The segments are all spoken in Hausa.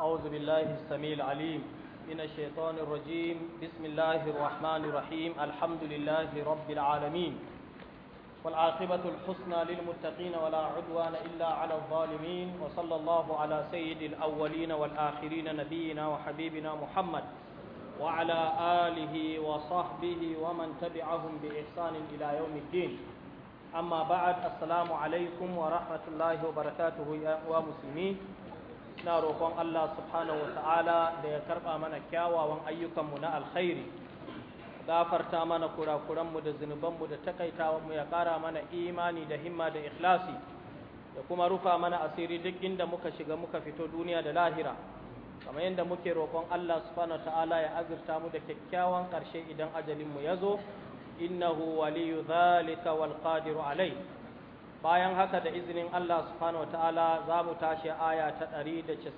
أعوذ بالله السميع العليم من الشيطان الرجيم بسم الله الرحمن الرحيم الحمد لله رب العالمين والعاقبة الحسنى للمتقين ولا عدوان إلا على الظالمين وصلى الله على سيد الأولين والآخرين نبينا وحبيبنا محمد وعلى آله وصحبه ومن تبعهم بإحسان إلى يوم الدين أما بعد السلام عليكم ورحمة الله وبركاته يا مسلمين ina roƙon Allah subhanahu wa ta'ala da ya karɓa mana kyawawan ayyukanmu na alkhairi gafarta mana kurakuranmu da zunubanmu da takaitawanmu ya ƙara mana imani da himma da ikhlasi da kuma rufa mana asiri duk inda muka shiga muka fito duniya da lahira kamar yadda muke roƙon Allah subhanahu ta'ala ya azurta mu da kyakkyawan ƙarshe idan ajalinmu ya zo innahu waliyu zalika wal qadiru alai bayan haka da izinin Allah subhanahu wa ta'ala za mu tashi aya ta 197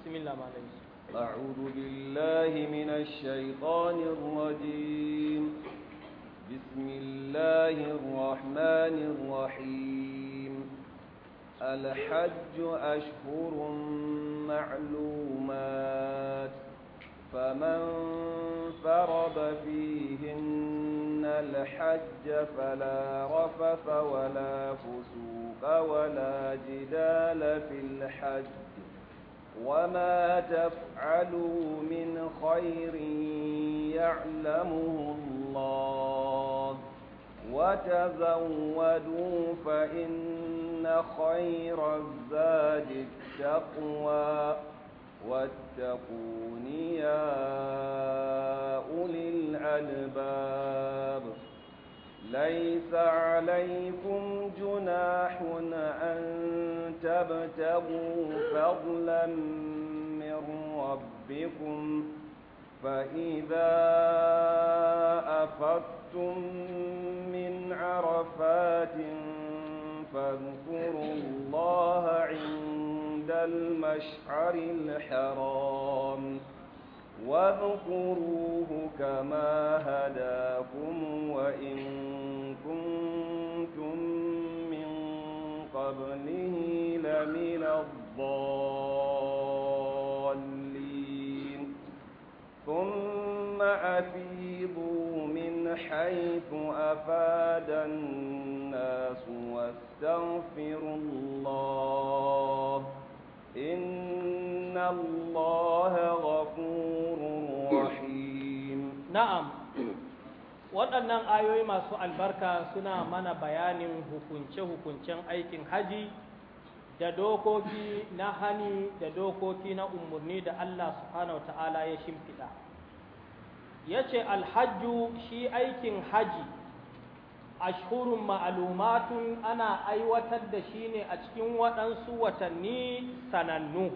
bismillah malam أعوذ بالله من الشيطان الرجيم بسم الله الرحمن الرحيم الحج أشهر معلومات فمن فرض فيهن الحج فلا رفث ولا فسوق ولا جدال في الحج وما تفعلوا من خير يعلمه الله وتزودوا فإن خير الزاد التقوى واتقون يا أولي الألباب ليس عليكم جناح أن تبتغوا فضلا من ربكم فإذا أفضتم من عرفات فاذكروا الله عند عند المشعر الحرام واذكروه كما هداكم وإن كنتم من قبله لمن الضالين ثم أفيضوا من حيث أفاد الناس واستغفروا الله إن الله غفور رحيم نعم waɗannan ayoyi masu albarka suna mana bayanin hukunce-hukuncen aikin haji da dokoki na hani da dokoki na umarni da Allah subhanahu ta'ala ya shimfiɗa ya ce alhajju shi aikin haji ashhurun ma'alumatun ana aiwatar da shi ne a cikin waɗansu watanni sanannu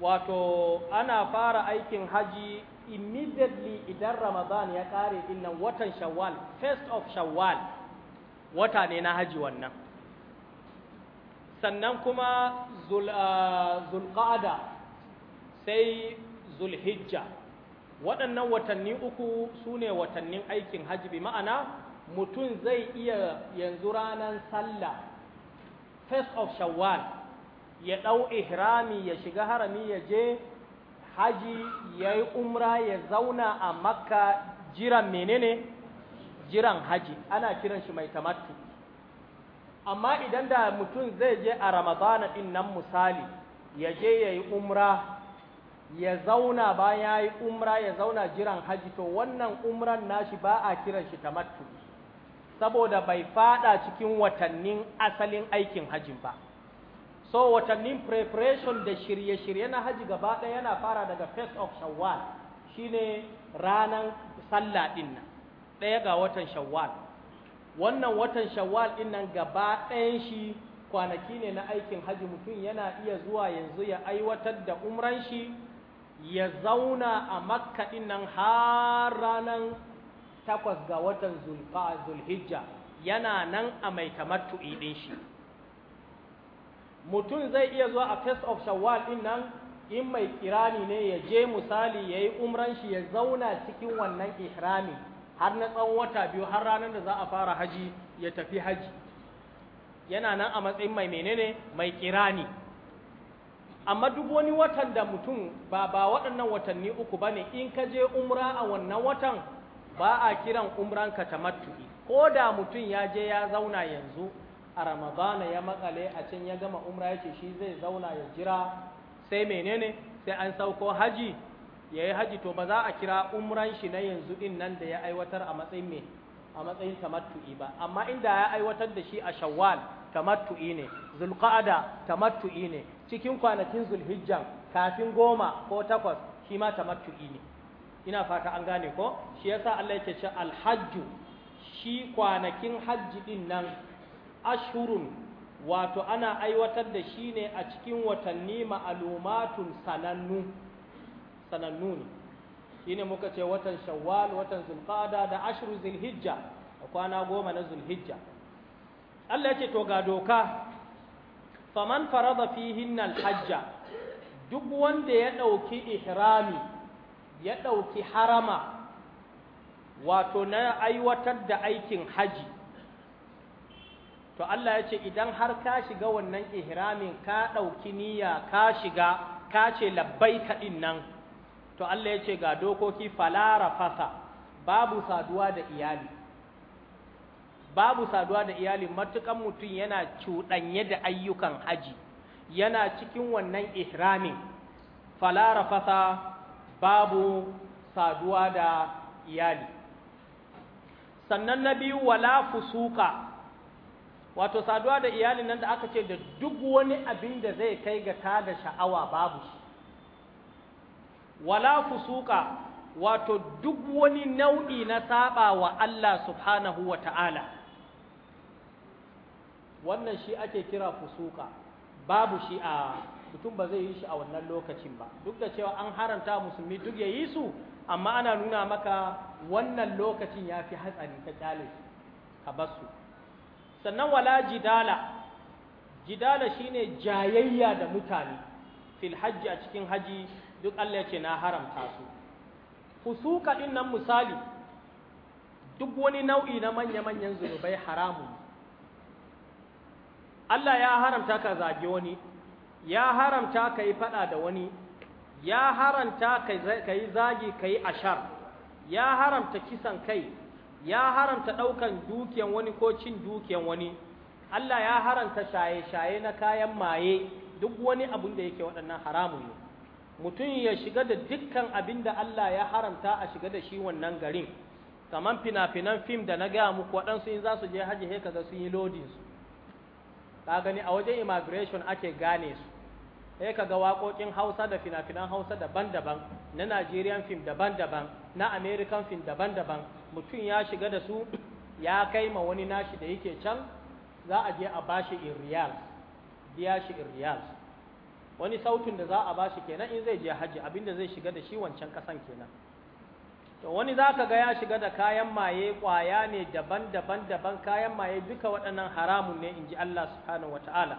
wato ana fara aikin haji immediately idan ramadan ya ƙare dinnan watan shawwal first of shawwal wata ne na haji wannan sannan kuma ah, zulqa'ada sai zulhijja waɗannan watanni uku su ne watannin aikin haji bi ma'ana mutum zai iya yanzu ranar sallah first of shawwal ya ɗau ihrami ya shiga harami ya je haji ya yi umra ya zauna a makka jiran menene jiran haji ana kiran shi mai tamattu amma idan da mutum zai je a ramadana ɗin nan misali ya je ya yi umra ya zauna bayan ya yi umra ya zauna jiran haji to wannan umran nashi ba a kiran shi tamattu saboda bai fada cikin watannin asalin aikin hajji ba so watannin preparation da shirye-shirye na haji gaba ɗaya yana fara daga first of shawwal shine ranan sallah din nan ɗaya ga watan shawwal wannan watan shawwal din nan gaba ɗayan shi kwanaki ne na aikin haji mutum yana iya zuwa yanzu ya aiwatar da umran shi ya zauna a makka din nan har ranan takwas ga watan zulhijja yana nan a mai kamar tu'idin shi mutum zai iya zuwa a Face of shawwal din nan in mai kirani ne ya je misali ya yi umran shi ya zauna cikin wannan ihrami har na tsawon wata biyu har ranar da za a fara haji ya tafi haji yana nan a matsayin mai menene mai kirani amma duk wani watan da mutum ba ba waɗannan watanni uku ba ne in ka je umra a wannan watan ba a kiran umranka tamattu'i ko da mutum ya je ya zauna yanzu a ramadana ya makale a can ya gama umra yake shi zai zauna ya jira sai menene sai an sauko haji ya yi haji to ba za a kira umran shi na yanzu din nan da ya aiwatar a matsayin me a matsayin tamattu'i ba amma inda ya aiwatar da shi a shawwal tamattu'i ne zulqa'ada tamattu'i ne cikin kwanakin zulhijjan kafin goma ko takwas shi ma tamattu'i ne ina fata an gane ko shi yasa Allah yake ce alhajju shi kwanakin hajji din nan ashhurun wato ana aiwatar da shi ne a cikin watanni ma'alumatun sanannu sanannu ne shine muka ce watan shawwal watan zulqada da ashru zulhijja kwana goma na zulhijja Allah ya ce to ga doka faman farada fihin alhajja duk wanda ya ɗauki ihrami ya ɗauki harama wato na aiwatar da aikin haji to Allah ya ce idan har ka shiga wannan ihramin ka ɗauki niyya ka shiga ka ce labbai kaɗin nan to Allah ya ce ga dokoki falara fasa babu saduwa da iyali babu saduwa da iyali matukan mutum yana cuɗanye da ayyukan haji yana cikin wannan ihramin falara fasa babu saduwa da iyali sannan na biyu wala fusuka wato saduwa da iyali nan da aka ce da duk wani abin da zai kai ga ta da sha'awa babu shi wala fusuka wato duk wani nau'i na saba wa Allah subhanahu wa ta'ala wannan shi ake kira fusuka babu shi a mutum ba zai yi shi a wannan lokacin ba duk da cewa an haramta musulmi duk ya yi su amma ana nuna maka wannan lokacin ya fi hatsari ka kyale su ka su. sannan wala jidala jidala shine jayayya da mutane fil hajji a cikin haji duk Allah ya ce na haramta su fusuka din nan misali duk wani nau'i na manya-manyan zunubai haramun Allah ya haramta ka zage wani ya haramta ka yi faɗa da wani ya haramta ka yi zagi ka yi ashar ya haramta kisan kai ya haramta ɗaukan dukiyan wani ko cin dukiyan wani Allah ya haramta shaye-shaye na kayan maye duk wani abin da yake waɗannan haramun ne mutum ya shiga da dukkan abin da Allah ya haramta a shiga da shi wannan garin kamar fina-finan fim da na gaya muku waɗansu in za su je hajji haka ga sun yi lodin su gani a wajen immigration ake gane su sai ka ga waƙoƙin Hausa da fina-finan Hausa daban-daban na Nigerian film daban-daban na American film daban-daban mutum ya shiga da su ya kai ma wani nashi da yake can za a je a bashi in riyal biya shi in riyal wani sautin da za a bashi kenan in zai je haji abinda zai shiga da shi wancan kasan kenan to wani za ka ga ya shiga da kayan maye kwaya ne daban-daban daban kayan maye duka waɗannan haramun ne in ji Allah subhanahu wa ta'ala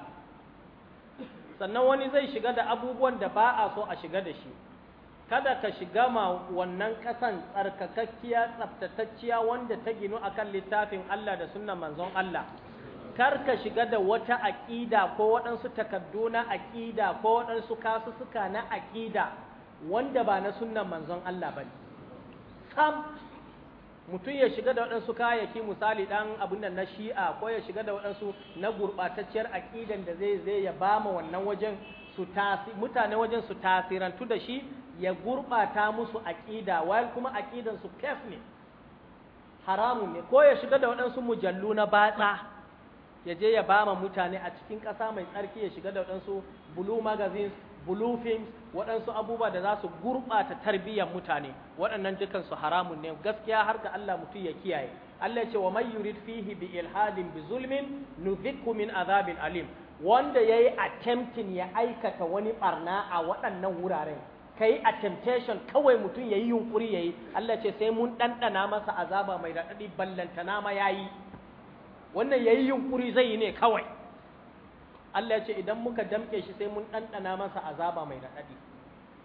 sannan wani zai shiga da abubuwan da ba a so a shiga da shi kada ka shiga ma wannan ƙasan tsarkakakkiya tsaftatacciya wanda ta ginu akan littafin Allah da sunnan manzon Allah kar ka shiga da wata aƙida ko waɗansu takardu na aƙida ko waɗansu kasusuka na aƙida wanda ba na sunnan manzon Allah ba sam mutum ya shiga da waɗansu kayayyaki misali ɗan abin da na shi'a ko ya shiga da waɗansu na gurɓatacciyar aƙidan da zai zai ya ba ma wannan wajen su mutane wajen su tasirantu da shi ya gurɓata musu aƙida wal kuma aƙidan su kef ne haramun ne ko ya shiga da waɗansu mujallu na batsa ya je ya ba ma mutane a cikin ƙasa mai tsarki ya shiga da waɗansu blue magazines blue waɗansu abubuwa da za su gurɓata tarbiyyar mutane waɗannan dukansu haramun ne gaskiya har ga Allah mutum ya kiyaye Allah ce wa man yurid fihi bi ilhadin bi zulmin nudhiqhu min azabin alim wanda yayi attempting ya aikata wani barna a waɗannan wuraren kai attemptation kawai mutum yayi yunkuri yayi Allah ce sai mun ɗanɗana masa azaba mai daɗaɗi ballantana ma yayi wannan yayi yunkuri zai yi ne kawai Allah ya ce idan muka damke shi sai mun ɗanɗana masa azaba mai raɗaɗi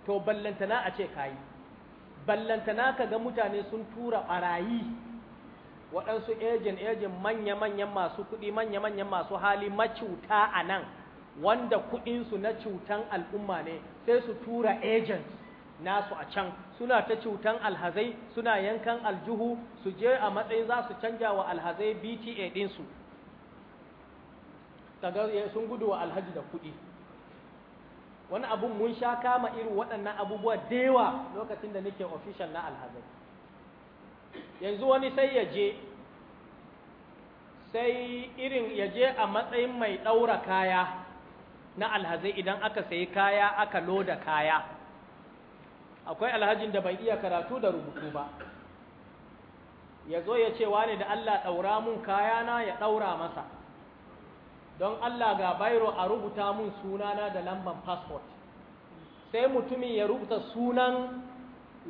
to ballantana a ce kayi ballantana ka ga mutane sun tura ɓarayi waɗansu ejin ejin manya-manyan masu kuɗi manya-manyan masu hali macuta a nan wanda kuɗinsu na cutan al'umma ne sai su tura ejen nasu a can suna ta cutan alhazai suna yankan aljuhu su je a matsayin za su canja wa alhazai bta ɗinsu kaga sun gudu wa alhaji da kuɗi wani abun mun sha kama irin waɗannan abubuwa da lokacin da nake official na alhazai yanzu wani sai ya je sai irin ya je a matsayin mai ɗaura kaya na alhazai idan aka sayi kaya aka loda kaya akwai alhajin da bai iya karatu da rubutu ba ya zo ya ce wane da Allah ɗaura mun kaya na ya ɗaura masa don Allah ga bairo a rubuta mun sunana da lamban passport sai mutumin ya rubuta sunan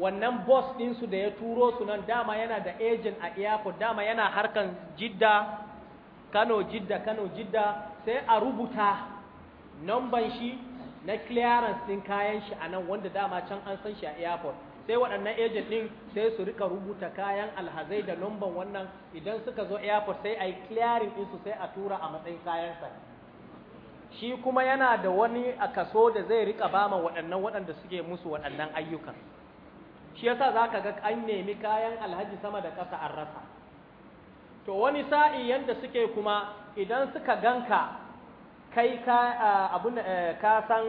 wannan boss ɗinsu da ya turo su nan dama yana da agent a airport dama yana harkan jidda kano jidda kano jidda sai a rubuta namban shi na clearance ɗin kayan shi a nan wanda dama can an san shi a airport sai waɗannan agent ɗin sai su rika rubuta kayan alhazai da numban wannan idan suka zo airport sai a yi clearing ɗinsu sai a tura a matsayin kayansa shi kuma yana da wani a kaso da zai rika bama waɗannan waɗanda suke musu waɗannan ayyukan shi yasa za ka ga an nemi kayan alhaji sama da ƙasa an rasa to wani sa'i yanda suke kuma idan suka ganka kai ka abun eh, ka san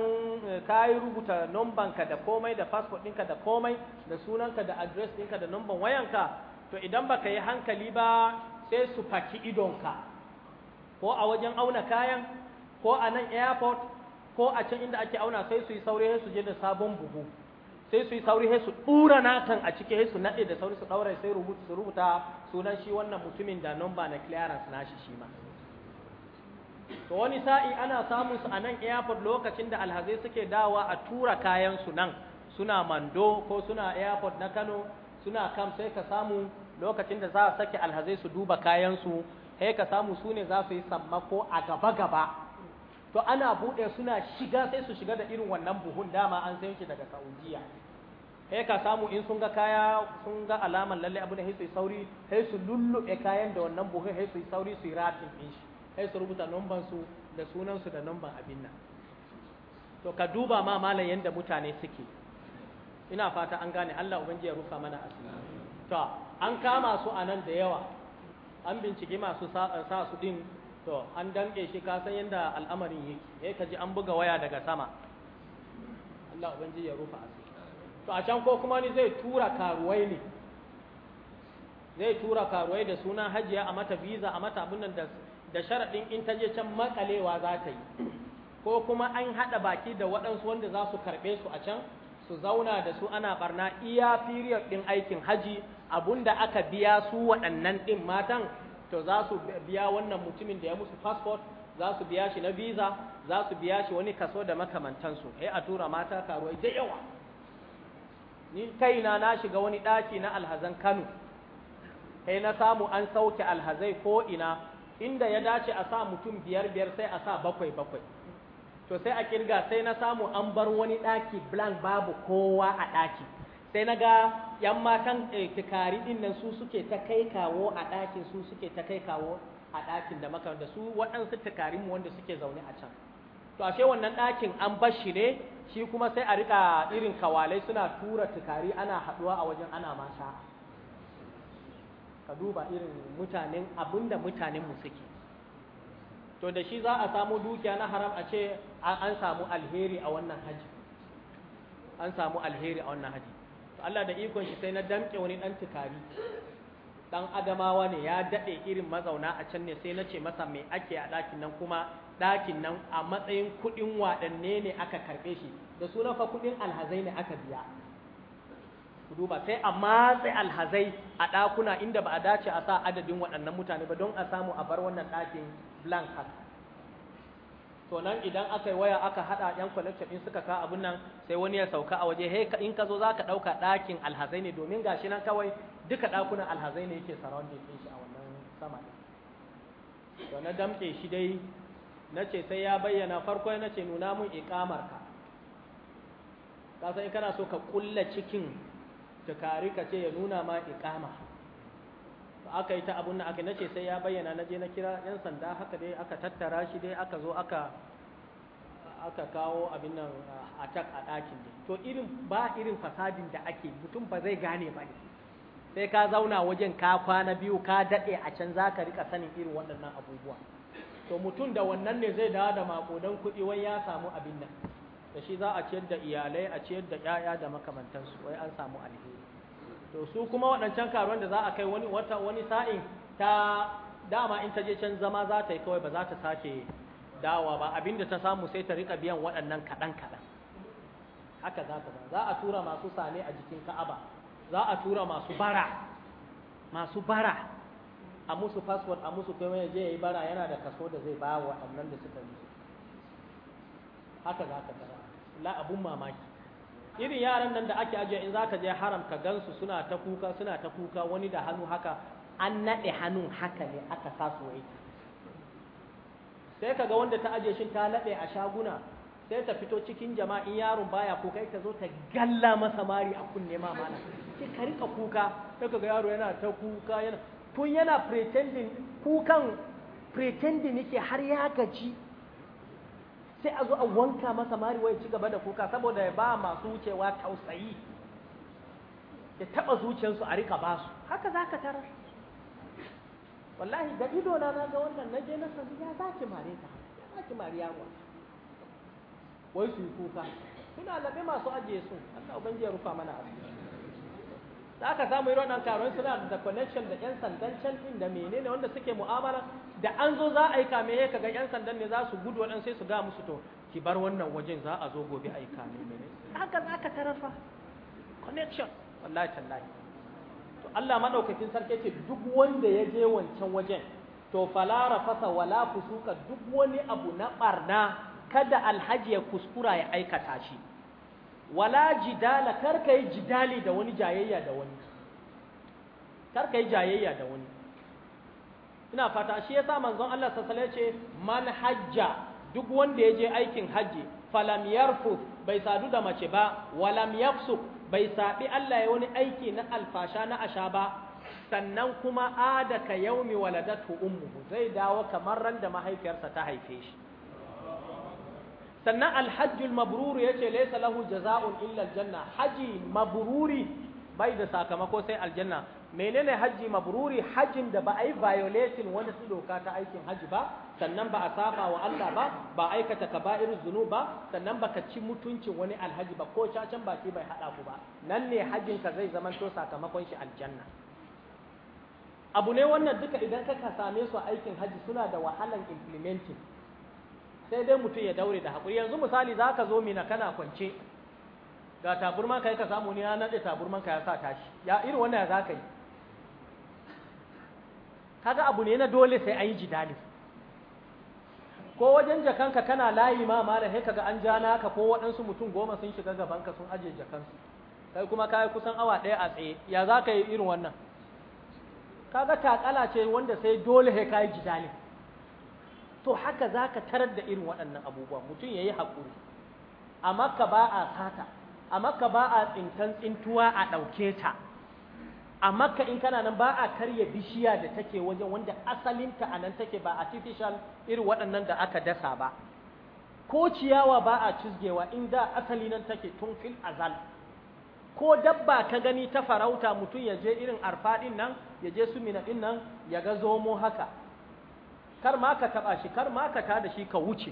eh, ka rubuta numbanka da komai da passport ɗinka da komai da sunanka da adres ɗinka da numban wayanka to idan baka yi hankali ba sai su faki idonka ko a wajen auna kayan ko a nan airport ko a can inda ake auna sai su yi sauri su je da sabon buhu sai su yi sauri su ɗura nakan a ciki su naɗe da sauri su ɗaura sai rubuta rubuta sunan shi wannan mutumin da numba na clearance nashi shi ma to wani sa'i ana samun su a nan airport lokacin da alhazai suke dawa a tura kayan su nan suna mando ko suna airport na Kano suna kam sai ka samu lokacin da za a sake alhazai su duba kayan su sai ka samu su ne za su yi sammako a gaba gaba to ana buɗe suna shiga sai su shiga da irin wannan buhun dama an sai shi daga Saudiya sai ka samu in sun ga kaya sun ga alaman lalle abu da sai sauri sai su lulluɓe kayan da wannan buhun sai su yi sauri su yi rafin din sai su rubuta numban su da sunan su da numban abin nan to ka duba ma malam yanda mutane suke ina fata an gane Allah ubangi ya rufa mana asiri to an kama su a nan da yawa an bincike masu sa su din to an danke shi ka san yanda al'amarin yake eh kaji an buga waya daga sama Allah ubangi ya rufa asiri to a can ko kuma ni zai tura karuwai ne zai tura karuwai da sunan hajiya a mata visa a mata abin nan da da sharaɗin in ta je can makalewa za ta yi ko kuma an haɗa baki da waɗansu wanda za su karɓe su a can su zauna da su ana ɓarna iya firiyar ɗin aikin haji da aka biya su waɗannan ɗin matan to za su biya wannan mutumin da ya musu passport za su biya shi na visa za su biya shi wani kaso da makamantansu yi a tura mata karuwa da yawa ni kaina na shiga wani ɗaki na alhazan Kano kai na samu an sauke alhazai ko ina inda ya dace a sa mutum biyar biyar sai a sa bakwai bakwai to sai a kirga sai na samu an bar wani ɗaki blank babu kowa a ɗaki sai na ga yan matan tikari eh, din nan su suke ta kai kawo a ɗakin su suke ta kai kawo a ɗakin da maka da su waɗansu tikarin mu wanda suke zaune a can to ashe wannan ɗakin an bar shi ne shi kuma sai a rika irin kawalai suna tura tikari ana haɗuwa a wajen ana masa ka duba irin mutanen abinda mutanen mu suke to da shi za a samu dukiya na haram a ce an samu alheri a wannan haji an samu alheri a wannan haji to Allah da ikon shi sai na damke wani dan tukari dan adamawa ne ya dade irin mazauna a can ne sai na ce masa me ake a ɗakin nan kuma ɗakin nan a matsayin kuɗin waɗanne ne aka karɓe shi da sunan fa kuɗin alhazai ne aka biya ku duba sai a matse alhazai a ɗakuna inda ba a dace a sa adadin waɗannan mutane ba don a samu a bar wannan ɗakin blank haka to nan idan aka yi waya aka haɗa yan collector in suka ka abun nan sai wani ya sauka a waje hey in ka zo za ka ɗauka ɗakin alhazai ne domin gashi nan kawai duka ɗakunan alhazai ne yake surrounding ɗin shi a wannan sama to na damƙe shi dai na ce sai ya bayyana farko na ce nuna mun iƙamarka ka san kana so ka ƙulla cikin tukari ka ce ya nuna ma To aka yi ta abun nan aka nace sai ya bayyana na je na kira yan sanda haka dai aka tattara shi dai aka zo aka aka kawo abin nan ah, attack a ɗakin dai to irin ba irin fasadin da ake mutum ba zai gane ba ne sai ka zauna wajen ka kwana biyu ka daɗe a can za ka rika sanin irin waɗannan abubuwa to mutum da wannan ne zai dawo da maƙudan kuɗi wai ya samu abin nan da shi za a ciyar da iyalai a ciyar da 'ya'ya da makamantansu wai an samu alheri to su kuma waɗancan karuwan da za a kai wani wata wani sa'in ta dama in ta je can zama za ta yi kawai ba za ta sake dawa ba abinda ta samu sai ta rika biyan waɗannan kaɗan kaɗan haka za ta za a tura masu sale a jikin ka'aba za a tura masu bara masu bara a musu password a musu kai je ya yi bara yana da kaso da zai ba waɗannan da suka yi haka za ta tara la abun mamaki irin yaran nan da ake ajiye in za ka je haram ka gansu suna ta kuka suna ta kuka wani da hannu haka an naɗe hannun haka ne aka sa su wai sai kaga wanda ta ajiye shin ta laɗe a shaguna sai ta fito cikin jama'in yaron baya kuka ta zo ta galla masa mari a kunne ma mana ki ka rika kuka sai kaga yaro yana ta kuka yana tun yana pretending kukan pretending yake har ya gaji sai a zo a wanka masa mari wai ci gaba da kuka saboda ya ba masu wucewa tausayi ya taba zuciyarsu a rika ba su haka za ka tarar wallahi da ido na na ga wannan na je na sanzu ya za ki mare ta ya za ki mare yawa wai su yi kuka suna labe masu ajiye su Allah ubangiji ya rufa mana asiri za ka samu irin wannan taron suna da connection da yan sandan can din da menene wanda suke mu'amala da an zo za a yi kame ya ga yan sandan ne za su gudu waɗansu sai su ga musu to ki bar wannan wajen za a zo gobe a yi kame mene haka za ka tarafa connection wallahi tallahi to Allah madaukakin sarki ce duk wanda ya je wancan wajen to fala rafasa wala fusuka duk wani abu na barna kada alhaji ya kuskura ya aikata shi wala jidala karka yi jidali da wani jayayya da wani karka yi jayayya da wani ina fata shi yasa manzon Allah sallallahu alaihi ce man hajja duk wanda ya je aikin hajji falam yarfu bai sadu da mace ba walam yafsu bai sabi Allah ya wani aiki na alfasha na asha ba sannan kuma adaka yaumi waladatu ummuhu zai dawo kamar randa da mahaifiyarsa ta haife shi sannan alhajjul mabruru ce laysa lahu jaza'un illa aljanna haji mabruri bai da sakamako sai aljanna menene haji mabruri hajin da ba a yi violation wani su doka ta aikin haji ba sannan ba a saba wa Allah ba ba aikata ka kaba'ir zunub ba sannan ba ka ci mutuncin wani alhaji ba ko cacan baki bai hada ku ba nan ne hajin ka zai zama to sakamakon shi aljanna abu ne wannan duka idan ka same su aikin haji suna da wahalan implementing sai dai mutum ya daure da haƙuri yanzu misali za ka zo mina kana kwance ga taburman ka ka samu ni ya naɗe taburman ka ya sa tashi ya irin wannan ya za ka yi kaga abu ne na dole sai an yi jidali ko wajen jakanka kana layi ma mala sai kaga an ja naka ko waɗansu mutum goma sun shiga gabanka sun ajiye jakansu kai kuma yi kusan awa ɗaya a tsaye ya za ka yi irin wannan kaga takala ce wanda sai dole sai ka yi jidali to haka za ka tarar da irin waɗannan abubuwa mutum ya yi haƙuri a maka ba a sata a maka ba a tsintan tsintuwa a ɗauke ta a maka in kana nan ba a karya bishiya da take wajen wanda asalinta a nan take ba artificial irin waɗannan da aka dasa ba ko ciyawa ba a cizgewa in da asali nan take tun fil azal ko dabba ka gani ta farauta mutum ya je irin arfaɗin nan ya je su mina nan ya ga zomo haka kar ma ka taɓa shi kar ma ka tada shi ka wuce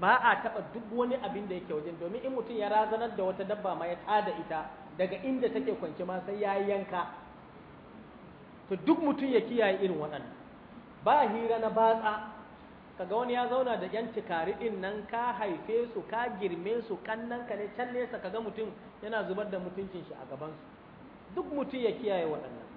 ba a taɓa duk wani abin da yake wajen domin in mutum ya razanar da wata dabba ma ya tada ita daga inda take kwance ma sai ya yanka to duk mutum ya kiyaye irin waɗannan ba hira na batsa kaga wani ya zauna da yan tikari din nan ka haife su ka girme su kannan ka ne can nesa kaga mutum yana zubar da mutuncin shi a gaban duk mutum ya kiyaye waɗannan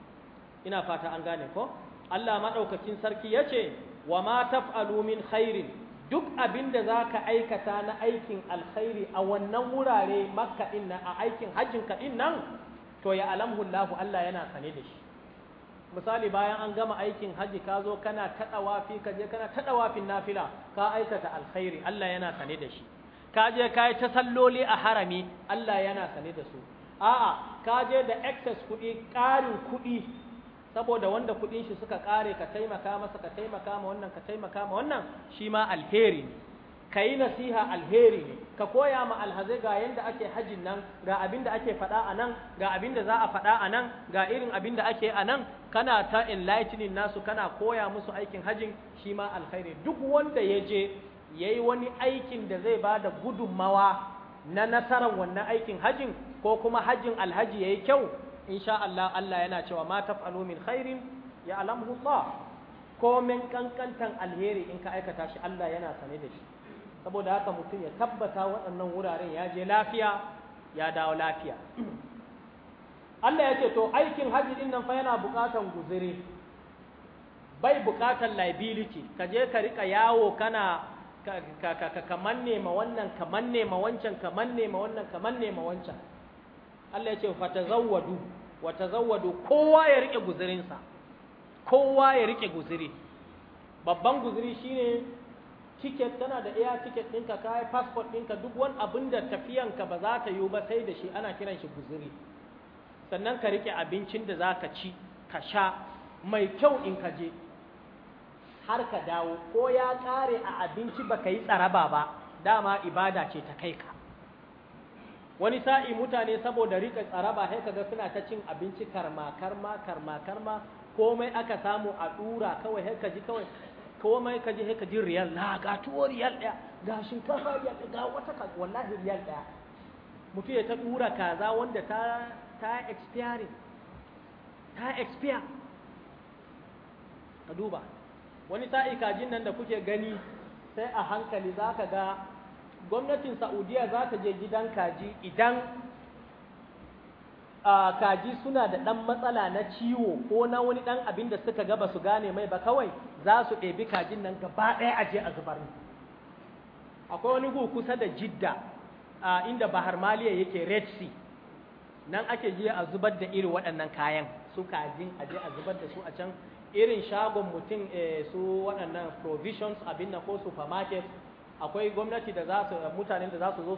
ina fata an gane ko Allah maɗaukakin sarki ya ce wa mataf alumin min khairin duk abin da za ka aikata na aikin alkhairi a wannan wurare makka ɗin nan a aikin hajjin ka ɗin nan to ya alamhu Allah yana sane da shi misali bayan an gama aikin hajji ka zo kana ta dawafi ka je kana ta dawafin nafila ka aikata alkhairi Allah yana sane da shi ka je ka yi ta salloli a harami Allah yana sane da su a'a ka je da excess kuɗi ƙarin kuɗi saboda wanda kudin shi suka kare ka taimaka masa ka taimaka ma wannan ka taimaka ma wannan shi ma alheri ne ka nasiha alheri ne ka koya ma alhaze. ga yanda ake hajin nan ga abin da ake fada a nan ga abin da za a fada a nan ga irin abin da ake a nan kana ta enlightening nasu kana koya musu aikin hajin shi ma alheri duk wanda ya je ya yi wani aikin da zai ba da gudunmawa na nasarar wannan aikin hajin ko kuma hajin alhaji ya yi kyau insha Allah Allah yana cewa ma taf'alu min khairin ya'lamuhu Allah kankantan alheri in ka aikata shi Allah yana sane da shi saboda haka mutum ya tabbata waɗannan wuraren ya je lafiya ya dawo lafiya Allah ya ce to aikin hajji din nan fa yana buƙatan guzuri bai buƙatan liability ka je ka rika yawo kana ka ka ka kamanne ma wannan kamanne ma wancan kamanne ma wannan kamanne ma wancan Allah ya ce fatazawwadu wa tazawwadu kowa ya rike sa kowa ya rike guzuri babban guzuri shine ticket tana da iya ticket ɗinka kai passport ɗinka duk wani abin da tafiyan ka ba za ta yi ba sai da shi ana kiran shi guzuri sannan ka rike abincin da za ka ci ka sha mai kyau in ka je har ka dawo ko ya tsare a abinci ba ka yi tsaraba ba dama ibada ce ta kai ka wani sa'i mutane saboda rika tsaraba sai kaga suna ta cin abinci karma karma karma karma komai aka samu a dura kawai sai kaji kawai komai kaji sai kaji riyal la ga tuwo riyal daya ga shinkafa riyal ya, ga wata ka wallahi riyal daya mutu ya ta dura kaza wanda ta ta expiring ta expire ka duba wani sa'i kajin nan da kuke gani sai a hankali zaka ga gwamnatin saudiya za ta je gidan kaji idan kaji suna da ɗan matsala na ciwo ko na wani ɗan abin da suka gaba su gane mai ba kawai za su ɗebi kajin nan gaba ɗaya a je a zubar akwai wani gu kusa da jidda inda bahar maliya yake red sea nan ake je a zubar da irin waɗannan kayan su kajin a je a zubar da su a can irin shagon mutum eh, su waɗannan provisions abin na ko supermarket akwai gwamnati da za su mutanen da za su zo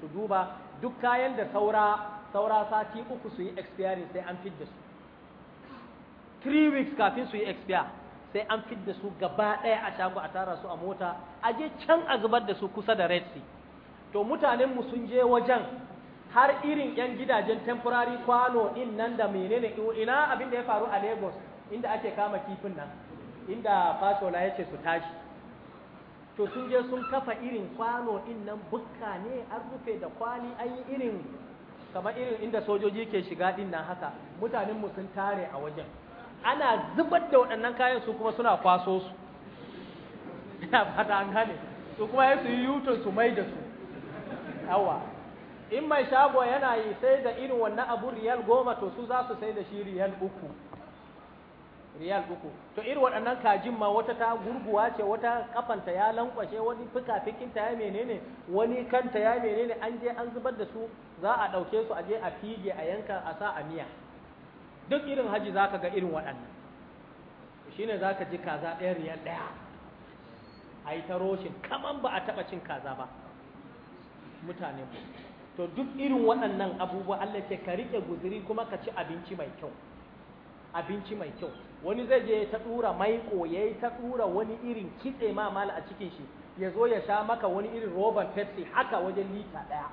su duba duk kayan da saura saura sati uku su yi expiring sai an fit da su three weeks kafin su yi expire sai an fit da su gaba ɗaya a shago a tara su a mota a je can a zubar da su kusa da red sea to mutanen mu sun je wajen har irin yan gidajen temporary kwano din nan da menene ina abin da ya faru a lagos inda ake kama kifin nan inda fasola ya ce su tashi to sun je sun kafa irin kwano din nan bukka ne an rufe da kwali an yi irin kamar irin inda sojoji ke shiga din nan haka mutanen mu sun tare a wajen ana zubar da waɗannan kayan su kuma suna kwaso su ina fata an gane su kuma su yi yutun su mai da su yawa in mai shago yana yi sai da irin wannan abu riyal goma to su za su sai da shi riyal uku riyal uku to irin waɗannan kajin ma wata ta gurguwa ce wata kafanta ya lankwashe wani fikafikinta ya menene wani kanta ya menene an je an zubar da su za a ɗauke su a je a fige a yanka a sa a miya duk irin haji za ka ga irin waɗannan shi ne za ka ji kaza ɗaya riyal ɗaya a yi ta roshin kaman ba a taɓa cin kaza ba mutane to duk irin waɗannan abubuwa Allah ce ka riƙe guziri kuma ka ci abinci mai kyau abinci mai kyau wani zai je ta dura mai yayi ta dura wani irin kitse ma a cikin shi ya zo ya sha maka wani irin roban Pepsi haka wajen lita ɗaya,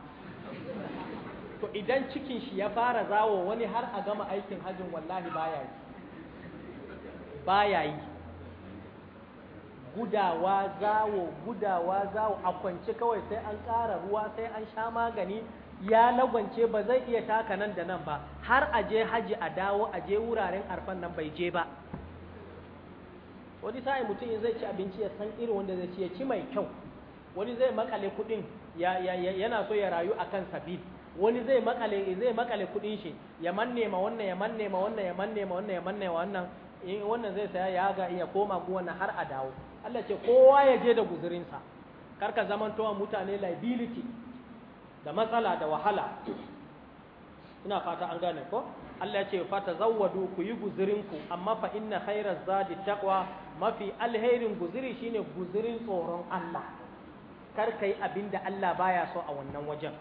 to idan cikin shi ya fara zawo wani har a gama aikin hajin wallahi baya yi baya yi gudawa zawo gudawa zawo a kwance kawai sai an ƙara ruwa sai an sha magani ya lagwance ba zai iya taka nan da nan ba har a je haji a dawo a je wuraren arfan nan bai je ba wani sa'in mutum zai ci abinci ya san irin wanda zai ci ya ci mai kyau wani zai makale kudin yana so ya rayu a kan sabil wani zai makale zai makale kudin shi ya manne ma wannan ya manne ma wannan ya manne ma wannan ya manne ma wannan in wannan zai saya ya ga ya koma ko wannan har a dawo Allah ce kowa ya je da guzurinsa kar ka zamantowa mutane liability da matsala da wahala ina fata an gane ko Allah ce fa zawwadu ku yi guzirinku, amma fa inna khairaz zadi taqwa mafi alherin guziri shine guzirin tsoron Allah kar kai abinda Allah baya so a wannan wajen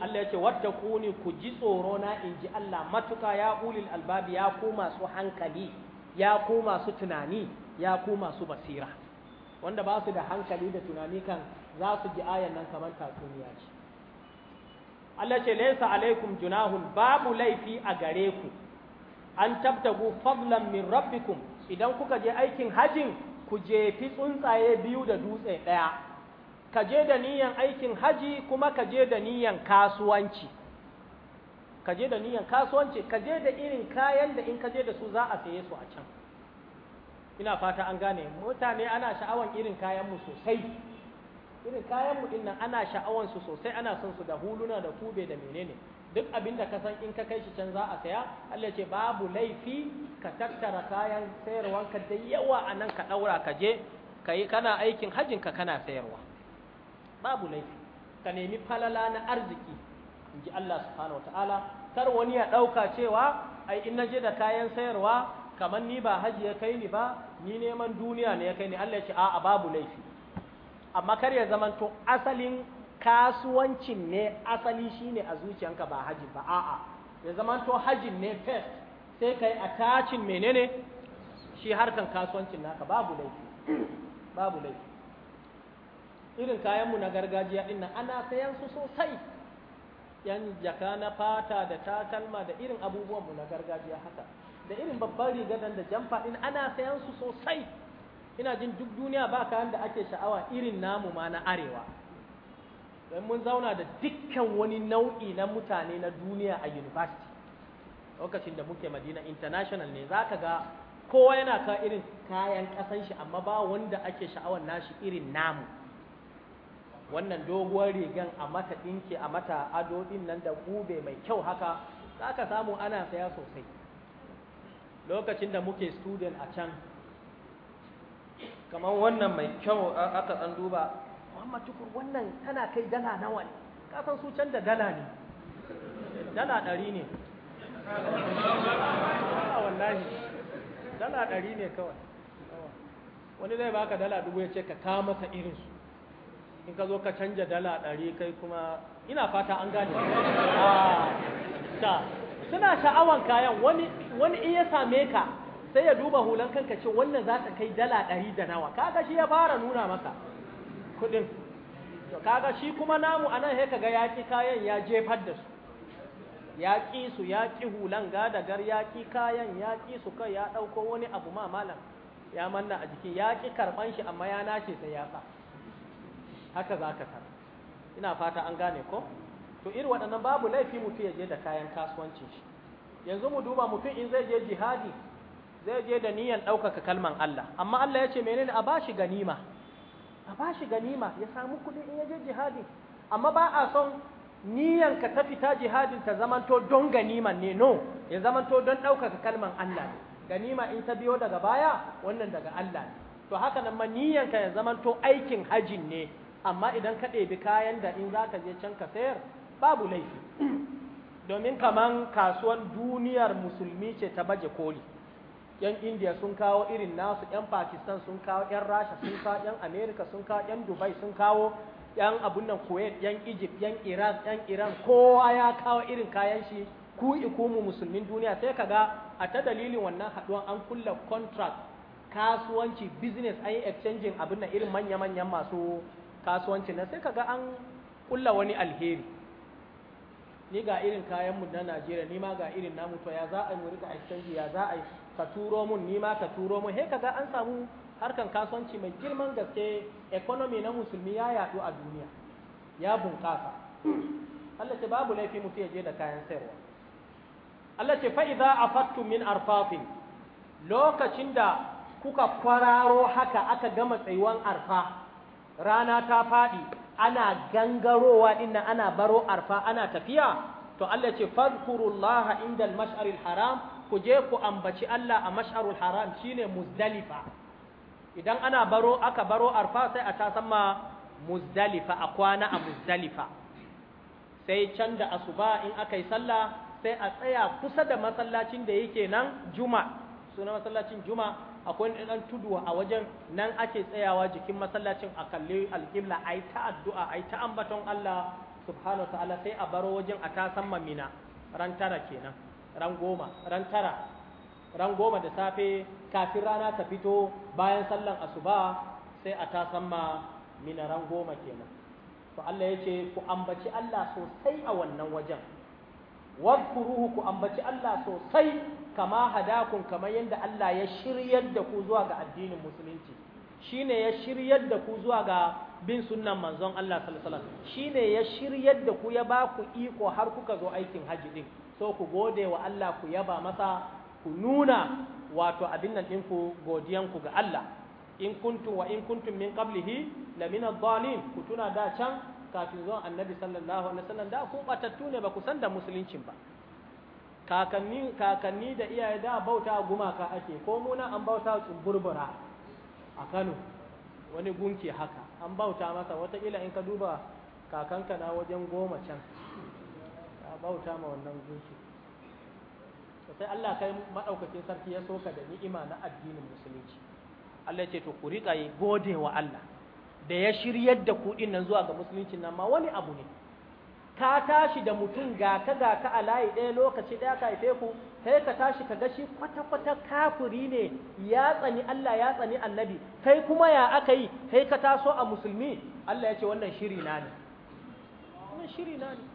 Allah ya ce wadda kuni ku ji tsoro na in ji Allah matuka ya ulil albabi ya ku masu hankali ya ku masu tunani ya ku masu basira wanda ba su da hankali da tunani kan za su ji ayan nan kamar tatsuniya Allah ce laysa alaikum junahun babu laifi a gare ku an tabtagu fadlan min rabbikum idan kuka je aikin hajin ku jefi tsuntsaye biyu da dutse ɗaya ka je da niyan aikin haji kuma ka je da niyan kasuwanci ka je da niyan kasuwanci ka je da irin kayan da in ka je da su za a saye su a can ina fata an gane mutane ana sha'awan irin kayan mu sosai irin kayan mu dinnan ana sha'awan su sosai ana son su da huluna da kube da menene duk abin da ka san in ka kai shi can za a saya Allah ce babu laifi ka tattara kayan ka da yawa a nan ka daura ka je ka kana aikin hajjin ka kana sayarwa babu laifi ka nemi falala na arziki in ji Allah subhanahu wataala kar wani ya dauka cewa ai in na je da kayan sayarwa kamar ni ba haji ya kai ni ba ni neman duniya ne ya kai ni Allah ya ce a'a babu laifi amma kar ya zamanto asalin kasuwancin ne asali shine a zuciyanka ba haji ba a'a ya zamanto hajin ne first sai kai attachin menene shi harkan kasuwancin naka babu laifi babu laifi irin kayanmu na gargajiya ɗin ana sayan su sosai yan jaka na fata da takalma da irin abubuwanmu na gargajiya haka da irin babban rigar da jamfa ɗin ana sayan su sosai ina jin duk duniya ba kayan da ake sha'awa irin namu ma na arewa don mun zauna da dukkan wani nau'i na mutane na duniya a university lokacin da muke madina international ne za ka ga kowa yana ka irin kayan ƙasan shi amma ba wanda ake sha'awar nashi irin namu wannan doguwar rigan a mata ɗinke a mata ado ɗin nan da gube mai kyau haka za ka samu ana saya sosai lokacin da muke student a can kamar wannan mai kyau aka ɗan duba Muhammad Tukur wannan tana kai dala nawa ne kasan su can da dala ne dala ɗari ne ah, wallahi dala ɗari ne kawai wani zai baka dala dubu ya ce ka ka masa irinsu in ka zo ka canja dala ɗari kai kuma ina fata an gane ah, ta suna sha'awan kayan wani in ya same ka sai ya duba hulan kanka ce wannan za ta kai dala ɗari da nawa kaga shi ya fara nuna maka kuɗin kaga shi kuma namu a nan ga ya ƙi kayan ya jefar da su ya ƙi su ya ƙi hulan gadagar ya ƙi kayan ya ƙi su kai ya ɗauko wani abu ma malam ya manna a jiki ya ƙi karɓan shi amma ya nace sai ya sa haka za ka tara ina fata an gane ko to irin waɗannan babu laifi mutum ya je da kayan kasuwancin shi yanzu mu duba mutum in zai je jihadi zai je da niyan ɗaukaka kalman Allah amma Allah ya ce menene a bashi ganima a bashi ganima ya samu kuɗi in ya je jihadi amma ba a son niyan ka ta fita jihadin ta zamanto don ganima ne no ya zamanto don ɗaukaka kalman Allah ne ganima in ta biyo daga baya wannan daga Allah ne to haka nan ma niyan ka ya zamanto aikin hajin ne amma idan ka ɗebi kayan da in za ka je can ka sayar babu laifi domin kaman kasuwan duniyar musulmi ce ta baje koli yan indiya sun kawo irin nasu yan pakistan sun kawo yan rasha sun kawo yan america sun kawo yan dubai sun kawo yan abun nan kuwait yan egypt yan iran yan iran kowa ya kawo irin kayan shi ku ikumu musulmin duniya sai kaga a ta dalilin wannan haduwan an kulla contract kasuwanci business an yi exchanging abin nan irin manya-manyan masu kasuwanci na sai kaga an kulla wani alheri ni ga irin kayanmu na Najeriya ni ma ga irin namu to ya za a yi rika exchange ya za a yi ka turo mun ni ma ka turo mun he kaga an samu harkan kasuwanci mai girman gaske economy na musulmi ya yaɗu a duniya ya bunƙasa Allah ce babu laifi mutum ya je da kayan sayarwa Allah ce fa idza afattu min arfafin lokacin da kuka kwararo haka aka gama tsayuwan arfa rana ta faɗi ana gangarowa dinnan ana baro arfa ana tafiya to Allah ce fadkurullaha indal mash'aril haram ku je ku ambaci Allah a mash'arul haram shine muzdalifa idan ana baro aka baro arfa sai a ta sama muzdalifa a kwana a muzdalifa sai can da asuba in aka yi sallah sai a tsaya kusa da masallacin da yake nan juma suna masallacin juma akwai ɗan tuduwa a wajen nan ake tsayawa jikin masallacin a kalli alƙibla a ta addu'a ai ta ambaton Allah subhanahu wa ta'ala sai a baro wajen a ta samma mina ran tara kenan ran goma ran tara ran goma da safe kafin rana ta fito bayan sallan asuba sai a tasan ma mina ran goma kenan to Allah ya ku ambaci Allah sosai a wannan wajen wakuruhu ku ambaci Allah sosai kama hadakun kama yadda Allah ya shiryar da ku zuwa ga addinin musulunci shine ya shiryar da ku zuwa ga bin sunnan manzon Allah sallallahu alaihi wasallam shine ya shiryar da ku ya ba ku iko har kuka zo aikin hajji ɗin. so ku gode wa Allah ku yaba masa ku nuna wato abin nan ɗinku godiyanku ga Allah in kuntum wa in kuntum min qablihi la min adh-dhalin ku tuna da can kafin zuwan annabi sallallahu alaihi wasallam da ku batattu ne ba ku san da musuluncin ba kakanni kakanni da iyaye da bauta gumaka ake ko muna an bauta tsumburbura a Kano wani gunki haka an bauta masa wataƙila in ka duba kakanka na wajen goma can bauta ma wannan gunki sai Allah kai madaukakin sarki ya soka da ni'ima na addinin musulunci Allah ce to ku rika yi gode wa Allah da ya shiryar da ku nan zuwa ga musulunci nan ma wani abu ne ka tashi da mutum ga ka ga ka a layi ɗaya lokaci ɗaya ka haife ku kai ka tashi ka gashi kwata-kwata kafiri ne ya tsani Allah ya tsani annabi kai kuma ya aka yi kai ka taso a musulmi Allah ya ce wannan shiri na ne wannan shiri na ne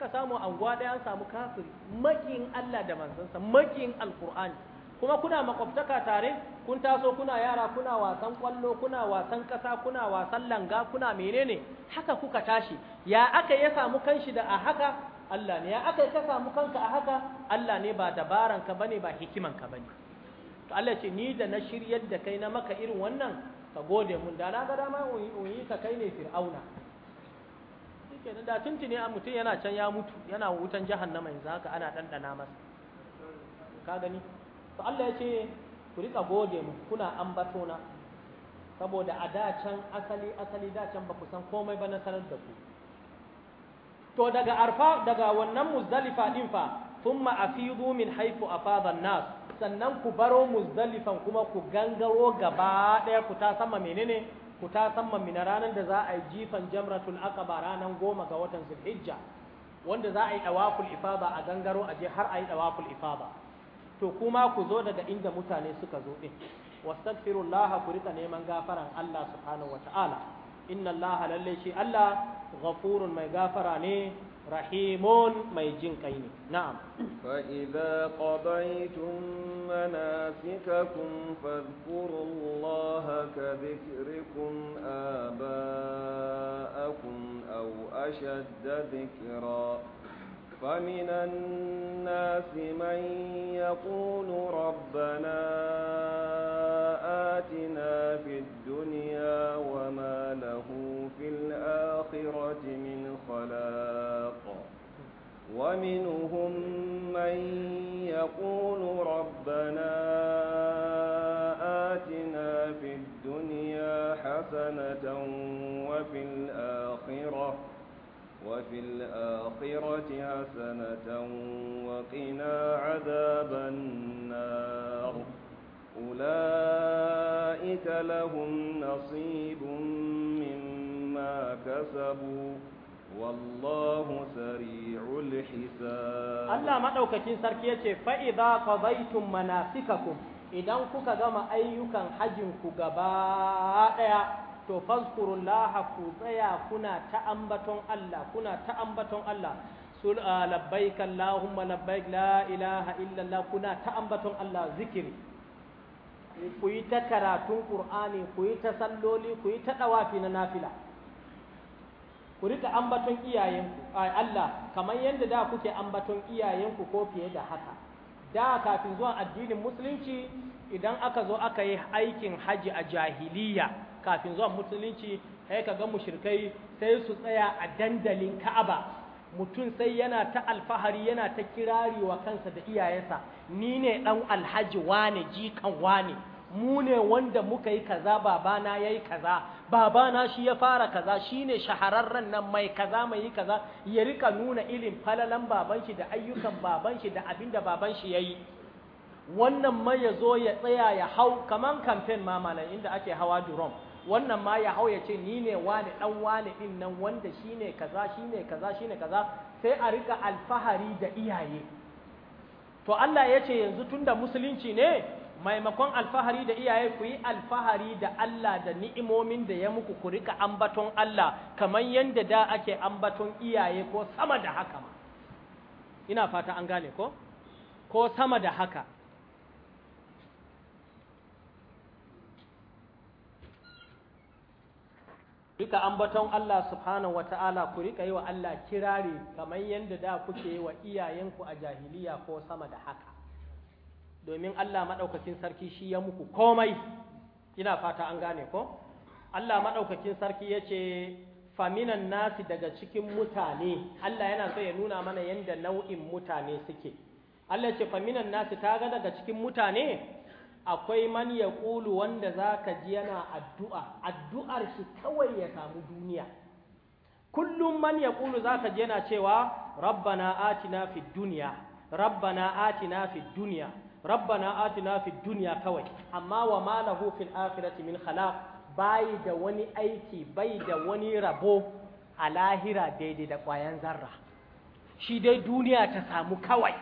ka samu anguwa ɗaya an samu kafiri makin Allah da manzansa makin alkur'ani kuma kuna makwabtaka tare kun taso kuna yara kuna wasan kwallo kuna wasan ƙasa kuna wasan langa kuna menene haka kuka tashi ya aka ya samu kanshi da a haka Allah ne ya aka ka samu kanka a haka Allah ne ba dabaran ka bane ba hikiman ka bane to Allah ce ni da na shiryar da kai na maka irin wannan ka gode mun da na ga dama in yi ka kai ne fir'auna shikenan da tuntune a mutum yana can ya mutu yana wutan jahannama yanzu haka ana ɗanɗana masa ka gani to Allah ya ce ku rika gode mu kuna na saboda a da can asali asali da can ba ku san komai ba na sanar da ku to daga arfa daga wannan muzdalifa din fa thumma afidu min haifu afadha nas sannan ku baro muzdalifan kuma ku gangaro gaba daya ku ta sama menene ku ta samman mina ranar da za a yi jifan jamratul aqaba ranar goma ga watan zulhijja wanda za a yi dawakul ifaba a gangaro a je har a yi dawakul ifaba to kuma ku zo daga inda mutane suka zo din wastaghfirullah ku rika neman gafaran Allah subhanahu wataala inna Allah lalle shi Allah ghafurun mai gafara ne رحيم مي جنكين نعم فإذا قضيتم مناسككم فاذكروا الله كذكركم آباءكم أو أشد ذكرا فمن الناس من يقول ربنا آتنا في الدنيا ومنهم من يقول ربنا آتنا في الدنيا حسنة وفي الآخرة وفي الآخرة حسنة وقنا عذاب النار أولئك لهم نصيب مما كسبوا wallahu sari'ul hisab Allah madaukakin sarki yace fa idza qadaytum manasikakum idan kuka gama ayyukan hajjin ku gaba daya to fazkurullaha ku tsaya kuna ta ambaton Allah kuna ta ambaton Allah sul labbaik allahumma labbaik la ilaha illallah kuna ta ambaton Allah zikiri ku yi ta karatun qur'ani ku yi ta salloli ku yi ta dawafi na nafila ku rika ambaton iyayenku Allah kamar yadda da kuke ambaton iyayenku ko fiye da haka da kafin zuwan addinin musulunci idan aka zo aka yi aikin haji a jahiliya kafin zuwan musulunci sai ka ga mushrikai sai su tsaya a dandalin Ka'aba mutum sai yana ta alfahari yana ta kirari wa kansa da iyayensa ni ne dan alhaji wane jikan wane mu ne wanda muka yi kaza babana ya yi kaza babana shi ya fara kaza shine shahararren nan mai kaza mai yi kaza ya rika nuna ilin falalan baban shi da ayyukan baban shi da abin da baban shi ya yi wannan ma ya zo ya tsaya ya hau kaman kamfen ma inda ake hawa durom wannan ma ya hau ya ce ni ne wani dan wani din nan wanda shine kaza shi ne kaza shi ne kaza sai a rika alfahari da iyaye to Allah ya ce yanzu tunda musulunci ne maimakon alfahari da iyaye ku yi alfahari da Allah da ni'imomin da ya muku ku rika ambaton Allah kamar yadda da ake ambaton iyaye ko sama da haka ma ina fata an gane ko ko sama da haka rika ambaton Allah subhanahu ta'ala ku rika yi wa Allah kirari kamar yadda da kuke yi wa iyayenku a jahiliya ko sama da haka domin Allah maɗaukakin sarki shi ya muku komai ina fata an gane ko Allah maɗaukakin sarki ya ce faminan nasi daga cikin mutane Allah yana so ya nuna mana yadda nau'in mutane suke Allah ce faminan nasi ta ga daga cikin mutane akwai man ya ƙulu wanda za ka ji yana addu'a addu'ar shi kawai ya samu duniya kullum man ya ƙulu za ka ji yana cewa rabbana atina fi duniya rabbana atina fi duniya rabbana atina fid duniya kawai amma wa ma lahu fil akhirati min khalaq bai da wani aiki bai da wani rabo a lahira daidai da kwayan zarra shi dai duniya ta samu kawai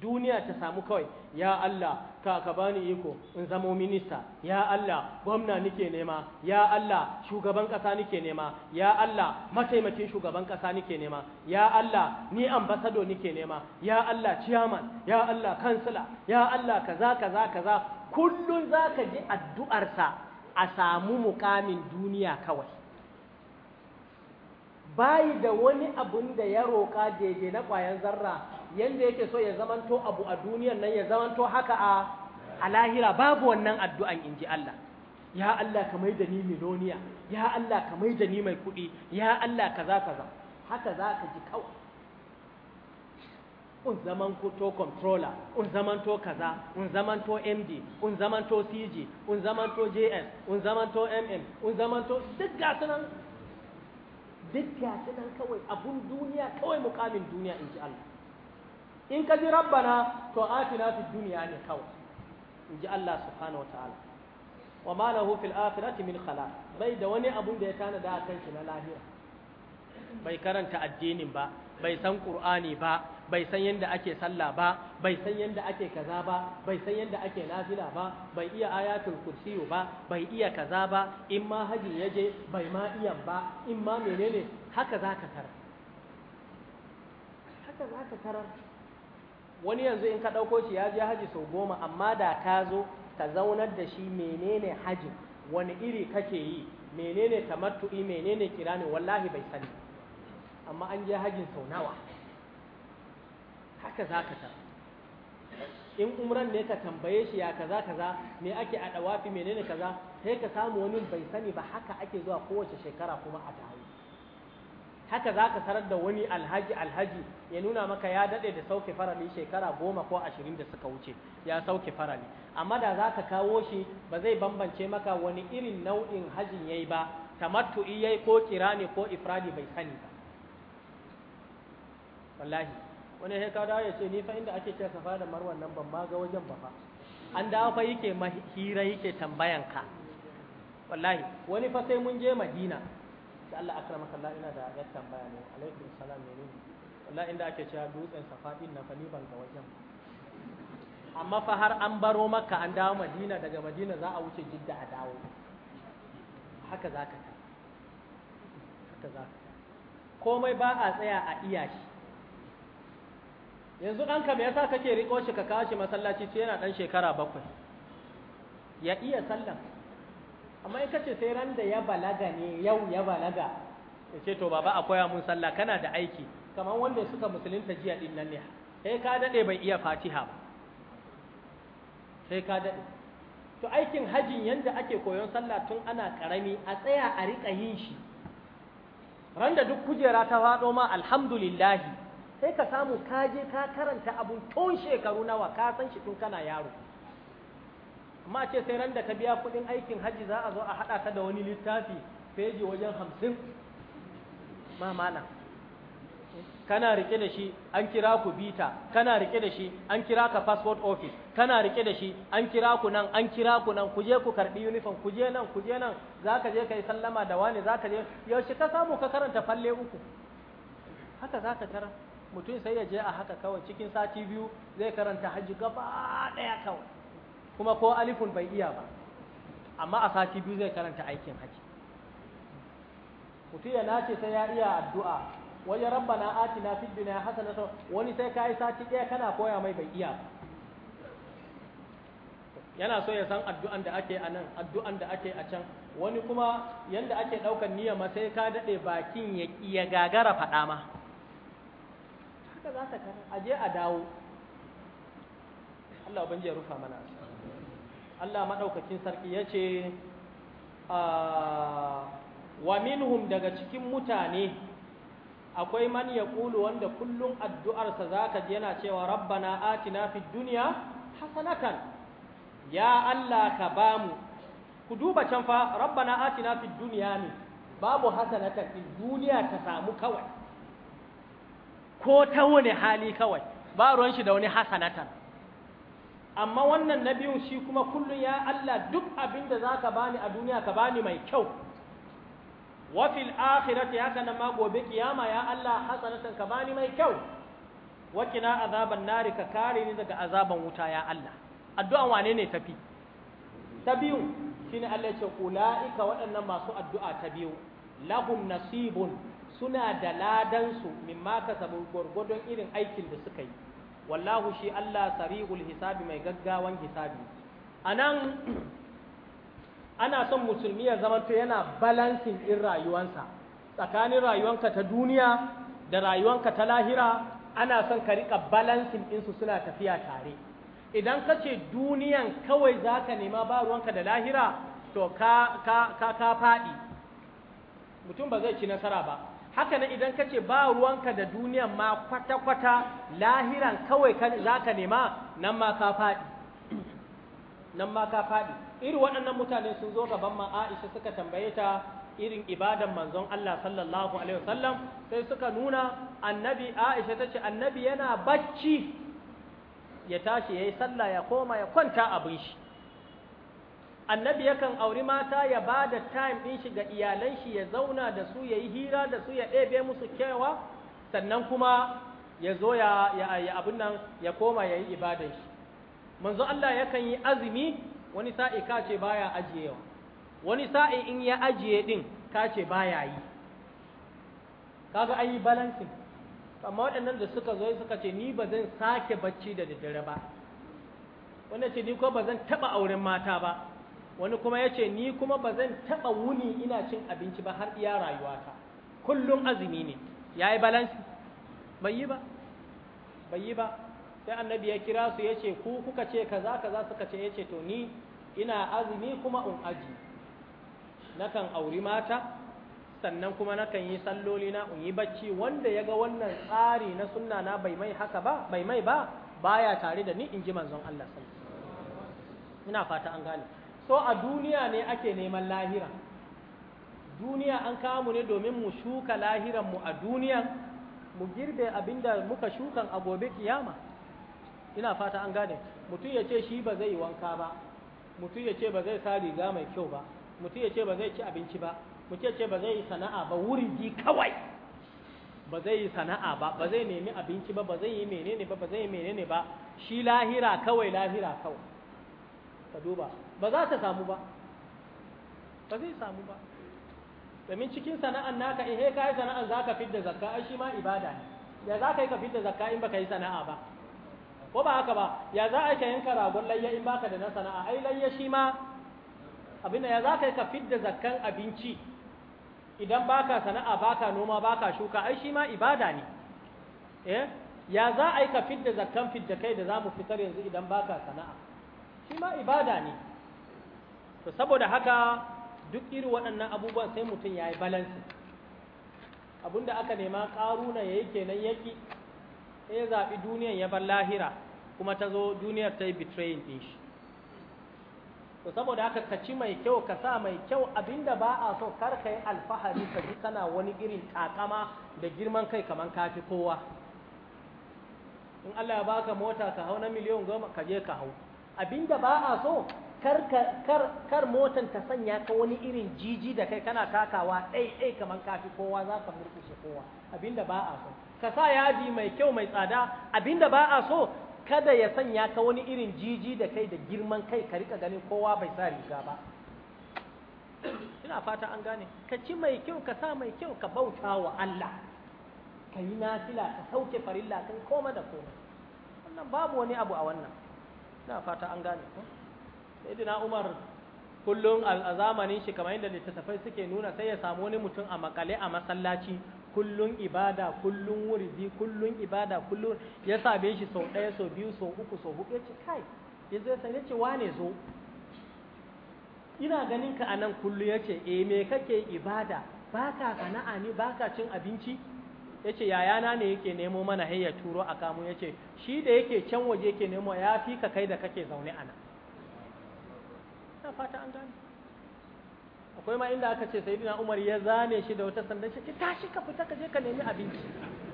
duniya ta samu kawai ya Allah ka ka bani iko in zamo minista ya Allah gwamna nike nema ya Allah shugaban kasa nike nema ya Allah mataimakin shugaban kasa nike nema ya Allah ni ambassador nike nema ya Allah chairman ya Allah kansila ya Allah kaza kaza kaza kullun zaka ji addu'arsa a samu mukamin duniya kawai bai da wani abun da ya roka daidai na kwayan zarra yanda yake so ya zamanto abu a duniyan nan ya zamanto haka a a lahira babu wannan addu'an in ji Allah ya Allah ka mai da ni miloniya ya Allah ka mai da ni mai kuɗi ya Allah kaza kaza haka za ka ji kawai un zaman to controller un zaman to kaza un zaman to md un zaman to cg un zaman to js un zaman to mm un zaman to duk gasu nan duk gasu nan kawai abun duniya kawai mukamin duniya in ji Allah in ka ji rabbana to atina fi duniya ne kawai in ji Allah subhanahu wataala wa ma lahu fil akhirati min khala bai da wani abun da ya tana da kan shi na lahira bai karanta addinin ba bai san qur'ani ba bai san yadda ake salla ba bai san yadda ake kaza ba bai san yadda ake nafila ba bai iya ayatul kursi ba bai iya kaza ba in ma haji yaje bai ma iya ba in ma menene haka zaka tarar haka zaka tarar wani yanzu in ka ɗauko shi ya je haji sau goma amma da ta zo ka zaunar da shi menene haji wani iri kake yi menene tamattu'i menene kirani wallahi bai sani amma an je hajin sau nawa haka za ka ta? in umran ne ka tambaye shi ya kaza kaza me ake a dawafi menene kaza sai ka samu wani bai sani ba haka ake zuwa kowace shekara kuma a dawo haka za ka sarar da wani alhaji alhaji ya nuna maka ya daɗe da sauke farali shekara goma ko ashirin da suka wuce ya sauke farali amma da za ka kawo shi ba zai bambance maka wani irin nau'in hajin ya yi ba tamattu'i ya yi ko ne ko ifradi bai sani ba wallahi wani ya kawo dawo ya ce ni fa inda ake cewa safa da marwan nan ban ma ga wajen ba an dawo fa yake hira yake tambayanka ka wallahi wani fa sai mun je madina da Allah akramaka Allah ina da yar tambaya ne alaikum salam ne wallahi inda ake cewa dutsen safadin na fani ban ga wajen amma fa har an baro maka an dawo madina daga madina za a wuce jidda a dawo haka za ka ta haka za ka ta komai ba a tsaya a iya shi yanzu ka me yasa kake riko shi ka kawo shi masallaci ce yana ɗan shekara bakwai ya iya sallan amma in kace sai ran da ya balaga ne yau ya balaga ya ce to baba a koya mun sallah kana da aiki kamar wanda suka musulunta jiya din nan ne sai ka dade bai iya fatiha ba sai ka dade to aikin hajin yanda ake koyon sallah tun ana karami a tsaya a rika yin shi ran da duk kujera ta faɗo ma alhamdulillahi sai ka samu ka je ka karanta abun tun shekaru nawa ka san shi tun kana yaro amma ce sai ran da ka biya kuɗin aikin hajji za a zo a haɗa ka da wani littafi feji wajen hamsin ma kana rike da shi an kira ku bita kana rike da shi an kira ka passport office kana rike da shi an kira ku nan an kira ku nan ku ku karbi uniform ku je nan ku je nan zaka je kai sallama da wani zaka je yaushe ka samu ka karanta falle uku haka zaka tara mutum sai ya je a haka kawai cikin sati biyu zai karanta Haji gaba daya kawai kuma ko alifun bai iya ba amma a sati biyu zai karanta aikin haji mutum ya nace sai ya iya addu'a wani na atina ya hasa hasanatan wani sai ka yi sati ɗaya kana koya mai bai iya ba yana so ya san addu'an da ake a nan addu'an da ake a can wani kuma yanda ake ɗaukar niyya ma sai ka daɗe bakin ya ya gagara faɗa ma haka za ta kara aje a dawo Allah ubangiji ya rufa mana Allah maɗaukakin sarki ya ce wa minhum daga cikin mutane akwai man ya ƙulu wanda kullum addu'arsa za ka yana cewa rabbana atina fi duniya hasanatan ya Allah ka ba mu ku duba can fa rabbana atina fi duniya ne babu hasanatan fi duniya ta samu kawai ko ta wani hali kawai ba ruwan shi da wani hasanatan amma wannan na biyun shi kuma kullum ya Allah duk abin da za ka bani a duniya ka bani mai kyau wafil akhirati haka nan ma gobe kiyama ya Allah hasanatan ka bani mai kyau Wakina azaban nari ka kare ni daga azaban wuta ya Allah addu'an wane ne tafi ta biyu shine Allah ya ce ulaika waɗannan masu addu'a ta biyu lahum nasibun suna da ladansu mimma kasabu gurgudun irin aikin da suka yi wallahu shi Allah sarihul hisabi mai gaggawan hisabi anan ana son musulmi ya zamanto yana balancing in rayuwansa tsakanin rayuwanka ta duniya da rayuwanka ta lahira ana son ka rika balancing din su suna tafiya tare idan ka ce duniyan kawai zaka nema ba ruwanka da lahira to ka ka ka, ka faɗi mutum ba zai ci nasara ba haka nan idan kace ce ba ruwanka da duniyan ma kwata-kwata lahiran kawai za ka nema nan ma ka faɗi nan ma ka faɗi irin waɗannan mutane sun zo gaban ma Aisha suka tambaye ta irin ibadan manzon Allah sallallahu alaihi wasallam sai suka nuna annabi Aisha ta ce annabi yana bacci ya tashi yayi sallah ya koma ya kwanta abin shi annabi yakan auri mata ya ba da time ɗin shi ga iyalan shi ya zauna da su ya yi hira da su ya ɗebe musu kewa sannan kuma ya zo ya abin nan ya koma ya yi ibadan shi manzo Allah yakan yi azumi wani sa'i ka baya ajiyewa wani sa'i in ya ajiye din kace ce baya yi kaga an yi balancing amma waɗannan da suka zo suka ce ni ba zan sake bacci da daddare ba wanda ce ni ko ba zan taɓa auren mata ba wani kuma ya ce ni kuma ba zan taɓa wuni ina cin abinci ba har iya rayuwata kullum azumi ne ya yi balansi bai yi ba bai yi ba sai annabi ya kira su ya ce ku kuka ce kaza kaza suka ce ya ce to ni ina azumi kuma in aji nakan auri mata sannan kuma nakan yi salloli na in yi bacci wanda ya ga wannan tsari na sunna na bai mai haka ba bai mai ba baya tare da ni in ji manzon Allah sallallahu alaihi wasallam ina fata an gane so a duniya ne ake neman lahira duniya an kamu ne domin mu shuka lahiran mu a duniya mu girbe abinda muka shukan a gobe kiyama ina fata an gane mutum ya ce shi ba zai yi wanka ba mutum ya ce ba zai sa riga mai kyau ba mutum ya ce ba zai ci abinci ba mutum ya ce ba zai yi sana'a ba ji kawai ba zai yi sana'a ba ba zai nemi abinci ba ba zai yi menene ba ba zai yi menene ba shi lahira kawai lahira kawai ka duba ba za ta samu ba ba zai samu ba domin cikin sana'an naka ihe eh, ka yi sana'an za ka fidda zakka ai shi ma ibada ne ya za ka yi ka fidda zakka in baka yi sana'a ba ko ba haka ba ya za a yi ka yanka ragon layya in baka da na sana'a ai layya shi ma abin ya za ka yi ka fidda zakkan abinci idan baka sana'a baka noma baka shuka ai shi ma ibada ne eh ya za a yi ka fidda zakkan fidda kai da za mu fitar yanzu idan baka sana'a shi ma ibada ne to saboda haka duk iri waɗannan abubuwan sai mutum ya yi balansi abinda aka nema ƙaruna ya yi kenan yaki sai ya zaɓi duniyan ya bar lahira kuma ta zo duniyar ta yi betrayin ɗin shi to saboda haka ka ci mai kyau ka sa mai kyau abinda ba a so kar ka yi alfahari ka ji kana wani irin takama da girman kai kamar ka fi kowa in Allah ya baka mota ka hau na miliyan goma ka je ka hau abinda ba a so kar motan ta sanya ka wani irin jiji da kai kana takawa ɗai ɗai kamar kafi kowa za ka murkushe kowa abinda ba a so ka sa yadi mai kyau mai tsada abinda ba a so kada ya sanya ka wani irin jiji da kai da girman kai ka rika ganin kowa bai sa riga ba ina fata an gane ka ci mai kyau ka sa mai kyau ka bauta wa Allah ka yi nafila ka sauke farilla kai koma da koma wannan babu wani abu a wannan ina fata an gane ko saidina Umar kullum a zamanin shi kamar yadda littattafai suke nuna sai ya samu wani mutum a makale a masallaci kullum ibada kullum wurzi kullum ibada kullum ya same shi sau ɗaya sau biyu sau uku sau huɗu ya ce kai ya zai sai ya ce wane zo ina ganin ka anan kullum ya ce eh me kake ibada baka sana'a ne baka cin abinci ya ce yayana ne yake nemo mana hayya turo a kamu ya ce shi da yake can waje yake nemo ya fi ka kai da kake zaune a nan na fata an gane akwai ma inda aka ce sayyidina Umar ya zane shi da wata sanda shi tashi ka fita ka je ka nemi abinci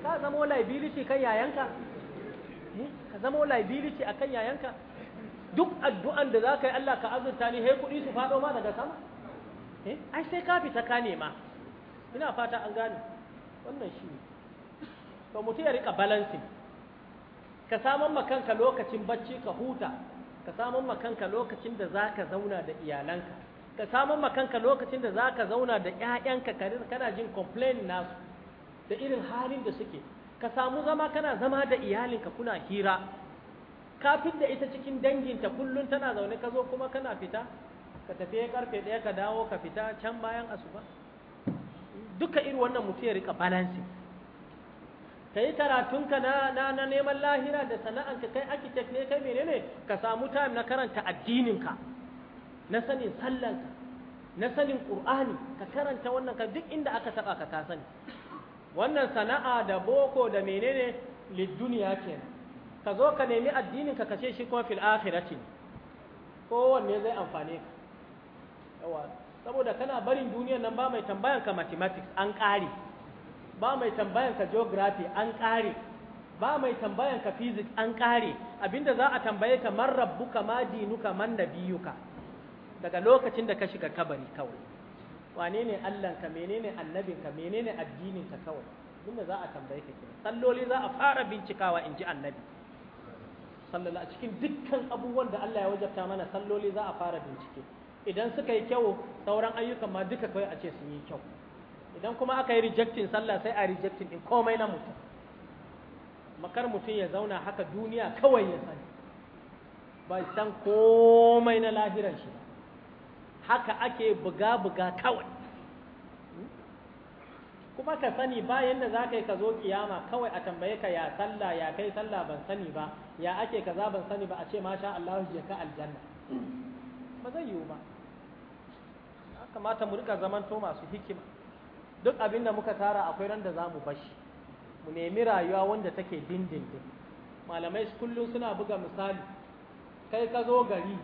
ka zama liability kan yayanka hmm? ka zama liability akan yayanka duk addu'an da zaka yi Allah ka azurta ni he kudi su faɗo ma daga sama eh ai sai ka fita ka nema ina fata an gane wannan shi to mutu ya rika balancing ka saman ma kanka lokacin bacci ka huta ka samun makanka lokacin da za ka zauna da iyalanka ka samun makanka lokacin da za ka zauna da ‘ya'yanka kana jin complain nasu da irin halin da suke ka samu zama kana zama da iyalinka kuna hira Kafin da ita cikin danginta kullum tana zaune ka zo kuma kana fita ka tafi karfe ɗaya ka dawo ka fita can bayan asuba duka irin wannan mutum ya rika balancing ka yi karatunka na, na, na neman lahira da sana'anka kai architect ne kai menene ka samu time na karanta addininka na sanin sallanka na sanin qur'ani ka karanta wannan ka duk inda aka taba ka ka sani wannan sana'a da boko da menene lidduniya ke. ka zo ka nemi addininka ka ce shi kuma fil akhirati kowanne zai amfane ka yawa saboda kana barin duniyar nan ba mai tambayan ka mathematics an kare. ba mai tambayan ka geography an ƙare ba mai tambayan ka physics an ƙare abinda za a tambaye ka man rabbuka ma dinuka man nabiyuka daga lokacin da ka shiga kabari kawai wane ne Allahnka menene annabinka menene addininka kawai abinda za a tambaye ka kenan salloli za a fara bincikawa in ji annabi sallallahu a cikin dukkan abubuwan da Allah ya wajabta mana salloli za a fara bincike idan suka yi kyau sauran ayyukan ma duka kawai a ce sun yi kyau idan kuma aka yi rejectin sallah sai a rejectin din komai na mutum makar mutum ya zauna haka duniya kawai ya sani ba san komai na lahiran shi haka ake buga-buga kawai kuma ka sani bayan da za ka yi ka zo kiyama kawai a tambaye ka ya sallah ya kai sallah ban sani ba ya ake kaza ban sani ba a ce masha Allah ya ka aljanna ba zai yiwu ba kamata mu rika zamanto masu hikima duk abin da muka tara akwai ran da za mu bashi mu nemi rayuwa wanda take dindindin malamai kullum suna buga misali kai ka zo gari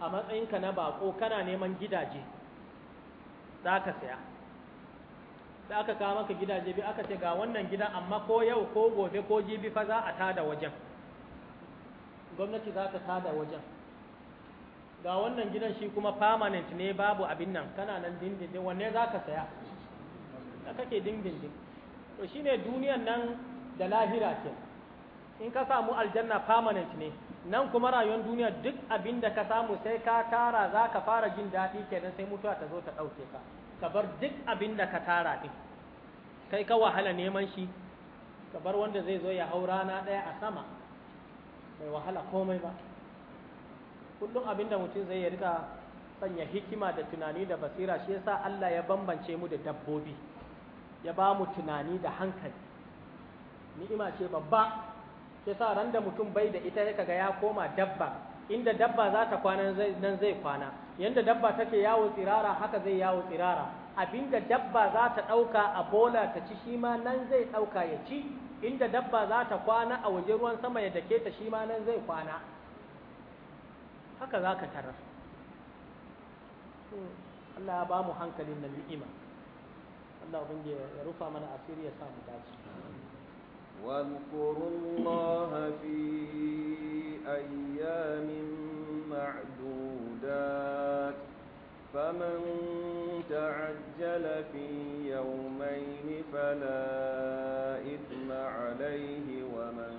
a matsayinka na bako kana neman gidaje za ka saya da aka kawo maka gidaje bi aka ce ga wannan gidan amma ko yau ko gobe ko jibi fa za a tada wajen gwamnati za ta tada wajen ga wannan gidan shi kuma permanent ne babu abin nan kana nan dindindin wanne za ka saya da kake dindindin to shine duniyan nan da lahira ke in ka samu aljanna permanent ne nan kuma rayuwar duniya duk abin da ka samu sai ka tara za ka fara jin daɗi nan sai mutuwa ta zo ta ɗauke ka ka bar duk abin da ka tara ɗin kai ka wahala neman shi ka bar wanda zai zo ya hau rana ɗaya a sama mai wahala komai ba kullum abin da mutum zai rika sanya hikima da tunani da basira shi yasa Allah ya bambance mu da dabbobi ya ba mu tunani da hankali ni'ima ce babba shi yasa ran da mutum bai da ita kaga ya koma dabba inda dabba za ta kwana nan zai kwana yanda dabba take yawo tsirara haka zai yawo tsirara abinda dabba za ta ɗauka a bola ta ci shi ma nan zai ɗauka ya ci inda dabba za ta kwana a waje ruwan sama ya dake ta shi ma nan zai kwana haka za ka tarar hmm. Allah ya ba mu hankalin na ni'ima Allah ya rufa mana asiri ya samu dace واذكروا الله في أيام معدودات فمن تعجل في يومين فلا إثم عليه ومن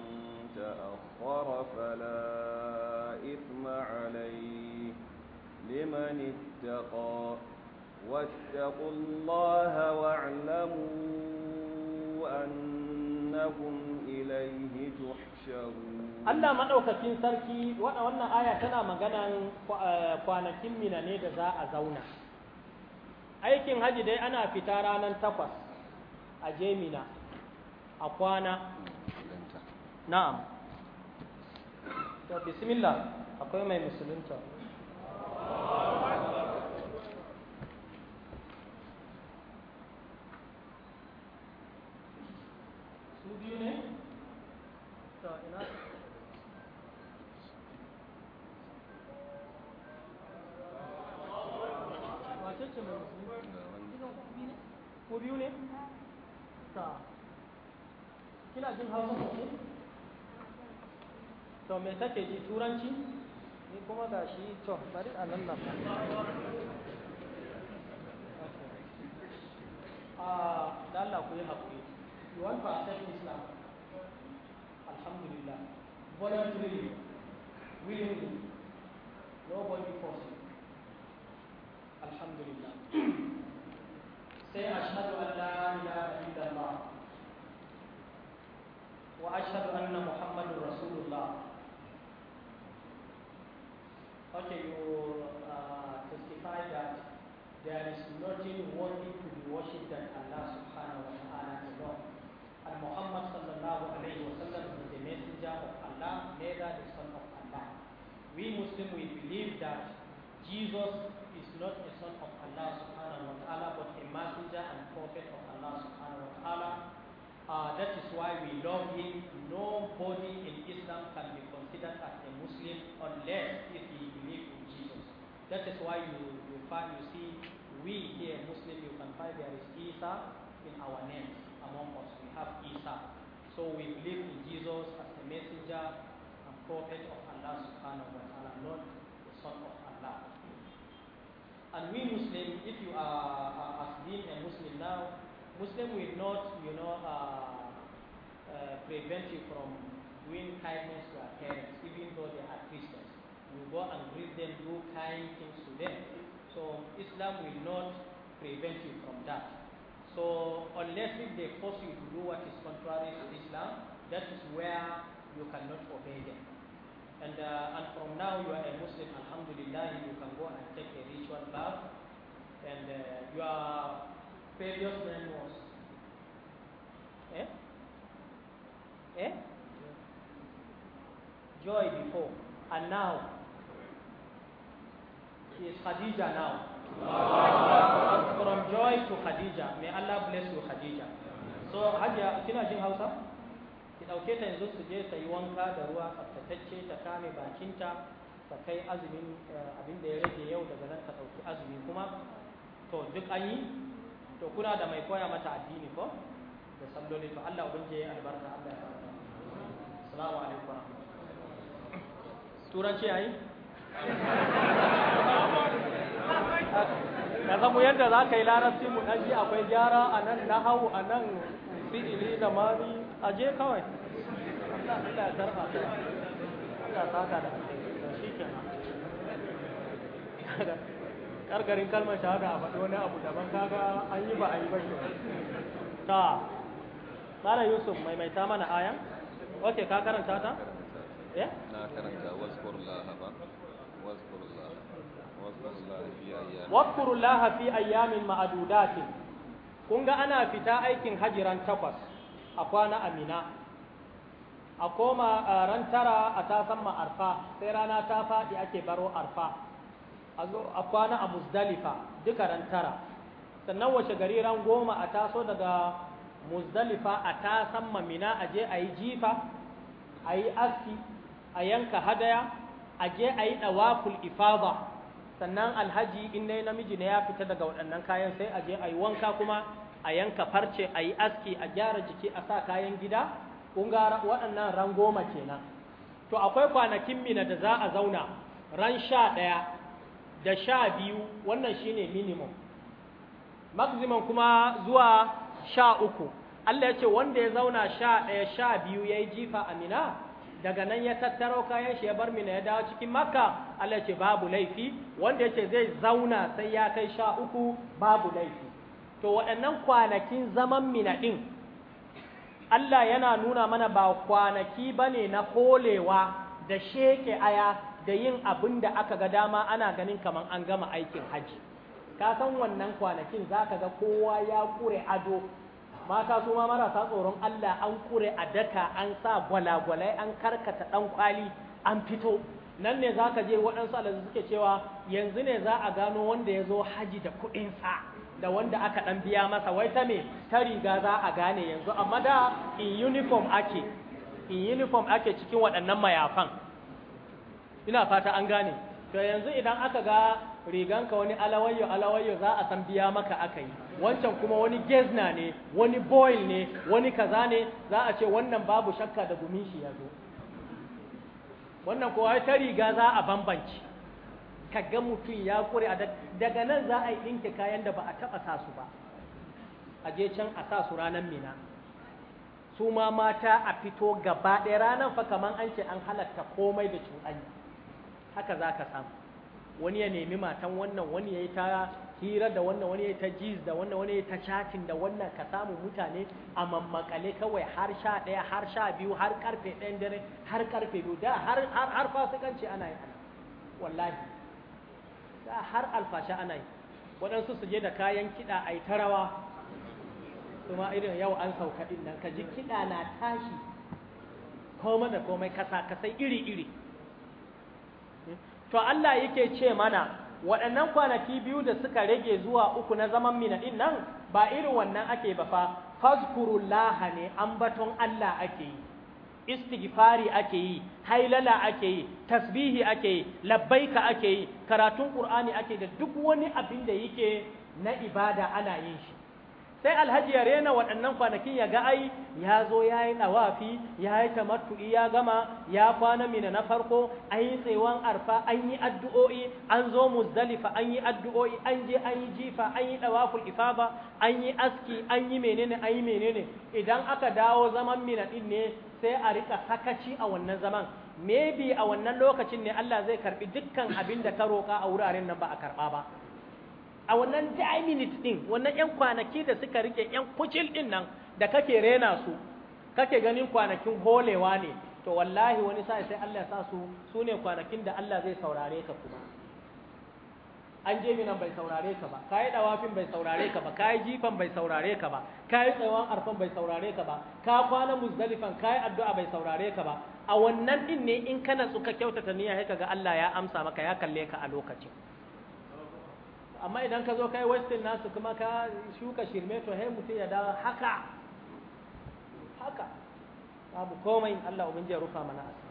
تأخر فلا لمن اتقى واتقوا الله واعلموا أنكم إليه تحشرون Allah maɗaukakin sarki wannan aya tana maganan kwanakin mina ne da za a zauna. Aikin haji dai ana fita ranar takwas a jemina a kwana. Na'am. To, bismillah akwai mai musulunta. સુધીને તો kina jin h a u a sosai to me take ji turanci ni kuma ga shi to bari a nan nan a ah, da Allah ku yi haƙuri you want to accept Islam alhamdulillah voluntarily willingly nobody force you alhamdulillah say ashhadu an la ilaha illallah wa ashhadu anna muhammadar rasulullah okay, you uh, testify that there is nothing worthy to be worshipped than Allah subhanahu wa ta'ala alone. And Muhammad sallallahu alayhi wa sallam is the messenger of Allah, neither the son of Allah. We Muslims, we believe that Jesus is not a son of Allah subhanahu wa ta'ala, but a messenger and prophet of Allah subhanahu wa ta'ala. Uh, that is why we love him. Nobody in Islam can be considered as a Muslim unless if he that is why you, you find you see we here Muslim you can find there is Isa in our names among us. We have Isa. So we believe in Jesus as the messenger and prophet of Allah subhanahu wa ta'ala, not the son of Allah. And we Muslim, if you are as being a Muslim now, Muslim will not, you know, uh, uh, prevent you from doing kindness to our parents, even though they are Christians you go and greet them, do kind things to them. So Islam will not prevent you from that. So unless if they force you to do what is contrary to Islam, that is where you cannot obey them. And, uh, and from now you are a Muslim, Alhamdulillah, you can go and take a ritual bath. And uh, your previous name was... Eh? Eh? Joy before. And now She is Khadija now. From joy to Khadija. May Allah bless you, Khadija. So, Hajiya, kina jin Hausa? Ki ɗauke ta yanzu su je ta yi wanka da ruwa tsaftatacce ta kame bakinta ta kai azumin eh, abin da ya rage yau daga nan ta ɗauki azumi kuma. To, duk an yi? To, kuna da mai koya mata addini ko? Da sandoli to Allah ubangiji ya albarka Allah ya fara. Assalamu alaikum Turanci yayi? ka mu yadda za ka yi larabci mu ɗan ji akwai gyara a nan na hau a nan fi'ili da mari a je kawai kargarin kalmar shahada a faɗi wani abu daban kaga an yi ba a yi ba ta tsara yusuf maimaita mana ayan ok ka karanta ta? eh? na karanta wasu wadkurullaha fi ayyamin ma'adudatin kun ga ana fita aikin hajiran takwas a kwana amina a koma ran tara a tasan ma'arfa sai rana ta faɗi ake baro arfa a kwana a musdalifa, duka ran tara sannan wace gari ran goma a taso daga musdalifa a tasan mamina a je a yi jifa a yi aski a yanka hadaya a je a yi ɗawaful ifaba sannan alhaji in dai namiji na ya fita daga waɗannan kayan sai a je a yi wanka kuma a yanka farce a yi aski a gyara jiki a sa kayan gida ƙungara waɗannan ran goma kenan to akwai kwanakin mina da za a zauna ran sha ɗaya da sha biyu wannan shine minimum maximum kuma zuwa sha uku Allah ya ce wanda ya zauna sha ɗaya sha biyu ya yi jifa a mina daga nan ya tattaro kayan shi ya bar mina ya dawo cikin makka Allah ce babu laifi wanda ya zai zauna sai ya kai sha uku babu laifi to waɗannan kwanakin zaman mina ɗin Allah yana nuna mana ba kwanaki bane na kolewa da sheke aya da yin abin da aka ga dama ana ganin kaman an gama aikin haji ka san wannan kwanakin zaka ga kowa ya kure ado mata su ma marasa tsoron Allah an kure a daka an sa gwalagwalai an karkata dan kwali an fito nan ne za je waɗansu alazu suke cewa yanzu ne za a gano wanda ya zo haji da kuɗinsa da wanda aka ɗan biya masa wai ta me ta riga za a gane yanzu amma da in uniform ake in uniform ake cikin waɗannan mayafan ina fata an gane to yanzu idan aka ga riganka wani alawayyo alawayyo za a san biya maka aka yi wancan kuma wani gezna ne wani boil ne wani kaza ne za a ce wannan babu shakka da gumin shi ya zo wannan kowa ta riga za a bambanci. ka ga mutum ya kure daga nan za a yi ɗinke kayan da ba a taɓa sa su ba a je can a sa su ranar mina su ma mata a fito gaba ɗaya ranar fa kamar an ce an halatta komai da cuɗanya haka za ka samu wani ya nemi matan wannan wani ya yi ta hira da wannan wani ya yi ta jiz da wannan wani ya yi ta chatting da wannan ka samu mutane a mammakale kawai har sha ɗaya har sha biyu har karfe ɗayan dare har karfe biyu da har har har fasikanci ana yi wallahi da har alfashe ana yi waɗansu su je da kayan kiɗa a yi ta rawa kuma irin yau an sauka ɗin nan ka ji kiɗa na tashi komai da komai kasa kasai iri iri to Allah yake ce mana waɗannan kwanaki biyu da suka rage zuwa uku na zaman mina ɗin nan ba irin wannan ake ba fa fazkurullaha ne ambaton Allah ake yi istighfari ake yi hailala ake yi tasbihi ake yi labbaika ake yi karatun qur'ani ake da duk wani abin da yake na ibada ana yin shi sai alhaji ya rena waɗannan kwanakin ya ga ai ya zo ya yi nawafi ya yi tamattu'i ya gama ya kwana mina na farko an yi tsewon arfa an yi addu'o'i an zo muzdalifa an yi addu'o'i an je an yi jifa an yi ɗawaful ifaba an yi aski an yi menene an yi menene idan aka dawo zaman mina ɗin ne sai a rika sakaci a wannan zaman maybe a wannan lokacin ne Allah zai karbi dukkan abin da ka roka a wuraren nan ba a karɓa ba a wannan minute din wannan yan kwanaki da suka rike yan kucil din nan da kake rena su kake ganin kwanakin holewa ne to wallahi wani sai sai Allah ya sa su su ne kwanakin da Allah zai saurare ka kuma an je minan bai saurare ka ba kayi dawafin bai saurare ka ba kayi jifan bai saurare ka ba kayi tsawon arfan bai saurare ka ba ka kwana muzdalifan kayi addu'a bai saurare ka ba a wannan din ne in kana tsuka kyautata niyya sai kaga Allah ya amsa maka ya kalle ka a lokacin amma idan ka zo kai wasting nasu kuma ka shuka shirme to hai mutum ya dawo haka haka babu komai Allah ubangiji ya rufa mana asiri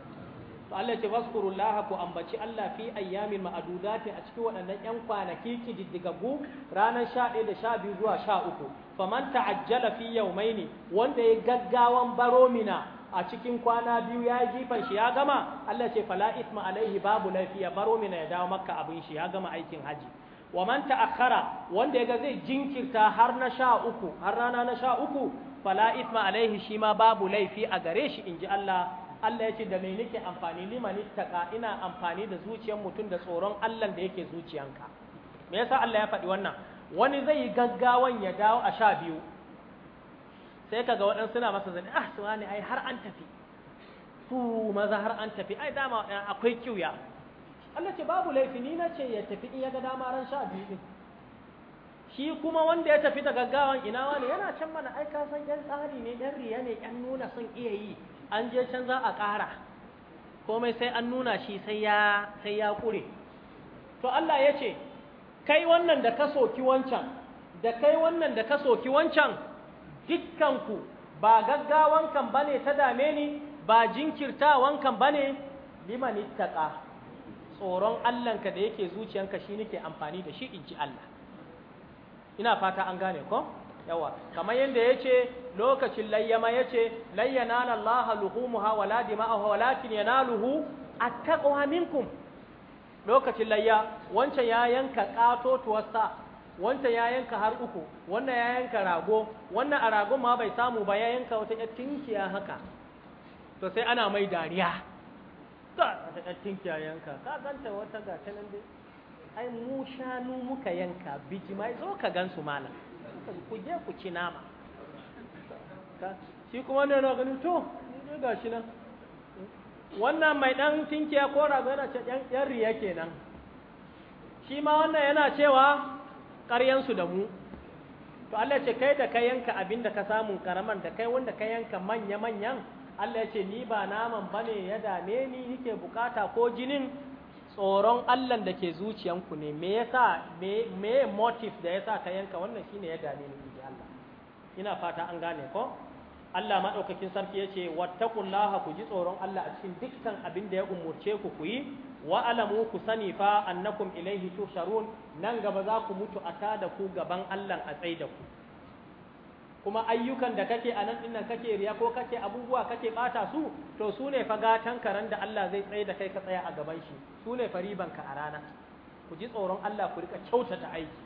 to Allah ce waskurullaha ku ambaci Allah fi ayyamin ma'adudati a cikin waɗannan ƴan kwanaki kididdigaggu ranar 11 da 12 zuwa 13 faman ta'ajjala fi yawmaini wanda ya gaggawan baromina a cikin kwana biyu ya jifan shi ya gama Allah ce fala isma alaihi babu lafiya baromina ya dawo makka abin shi ya gama aikin haji wa man ta'akhkhara wanda yaga zai jinkirta har na sha uku har rana na sha uku fala alaihi shi ma babu laifi a gare shi inji Allah Allah ya ce da me nake amfani liman ittaqa ina amfani da zuciyar mutum da tsoron Allah da yake zuciyanka me yasa Allah ya faɗi wannan wani zai yi gaggawan ya dawo a sha biyu sai kaga waɗansu suna masa zane ah suwa wani ai har an tafi su maza har an tafi ai dama eh, akwai kiyuya Allah ce babu laifi ni na ce ya tafi in ya ga dama ran sha biyu din shi kuma wanda ya tafi da gaggawan ina wani yana can mana ai ka san yan tsari ne yan riya ne yan nuna son iya yi an je can za a ƙara komai sai an nuna shi sai ya sai ya kure to Allah ya ce kai wannan da ka soki wancan da kai wannan da ka soki wancan dukkanku ba kan bane ta dame ni ba kan bane liman ittaqa tsoron Allahnka da yake zuciyanka shi nake amfani da shi in ji Allah ina fata an gane ko yawa kamar yadda ya ce lokacin layyama ya ce layyana lallaha luhumuha wala dima'aha walakin yanaluhu attaqwa minkum lokacin layya wancan ya yanka tuwasa, wancan ya yanka har uku wannan ya yanka rago wannan a ragon ma bai samu ba ya yanka wata tinkiya haka to sai ana mai dariya ta ta kattin yanka ka ganta wata ga ta nan dai ai mu shanu muka yanka bijimai zo ka gansu mala ku je ku ci nama shi kuma ne na ganin to ni ga shi nan wannan mai ɗan tinkiya ko rago yana ce ‘yan riya kenan shi ma wannan yana cewa su da mu to Allah ce kai da ka yanka abinda ka samu karaman da kai wanda ka yanka manya-manyan Allah ya ce ni ba naman bane ya dame ni nike bukata ko jinin tsoron Allah da ke zuciyanku ne me yasa me me motive da yasa ka yanka wannan shine ya dame ni inji Allah ina fata an gane ko Allah madaukakin sarki yace wattaqullaha ku ji tsoron Allah a cikin dukkan abin da ya umurce ku ku yi wa alamu ku sani fa annakum ilaihi tusharun nan gaba za ku mutu a tada ku gaban Allah a tsaida ku kuma ayyukan da kake a nan dinnan kake riya ko kake abubuwa kake bata su to su ne fa gatan da Allah zai tsaye da kai ka tsaya a gaban shi su ne fa ribanka a rana ku ji tsoron Allah ku rika kyautata aiki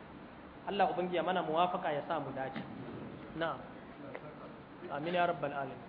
Allah ubangiya mana muwafaka ya sa mu dace na'am amin ya rabbal alamin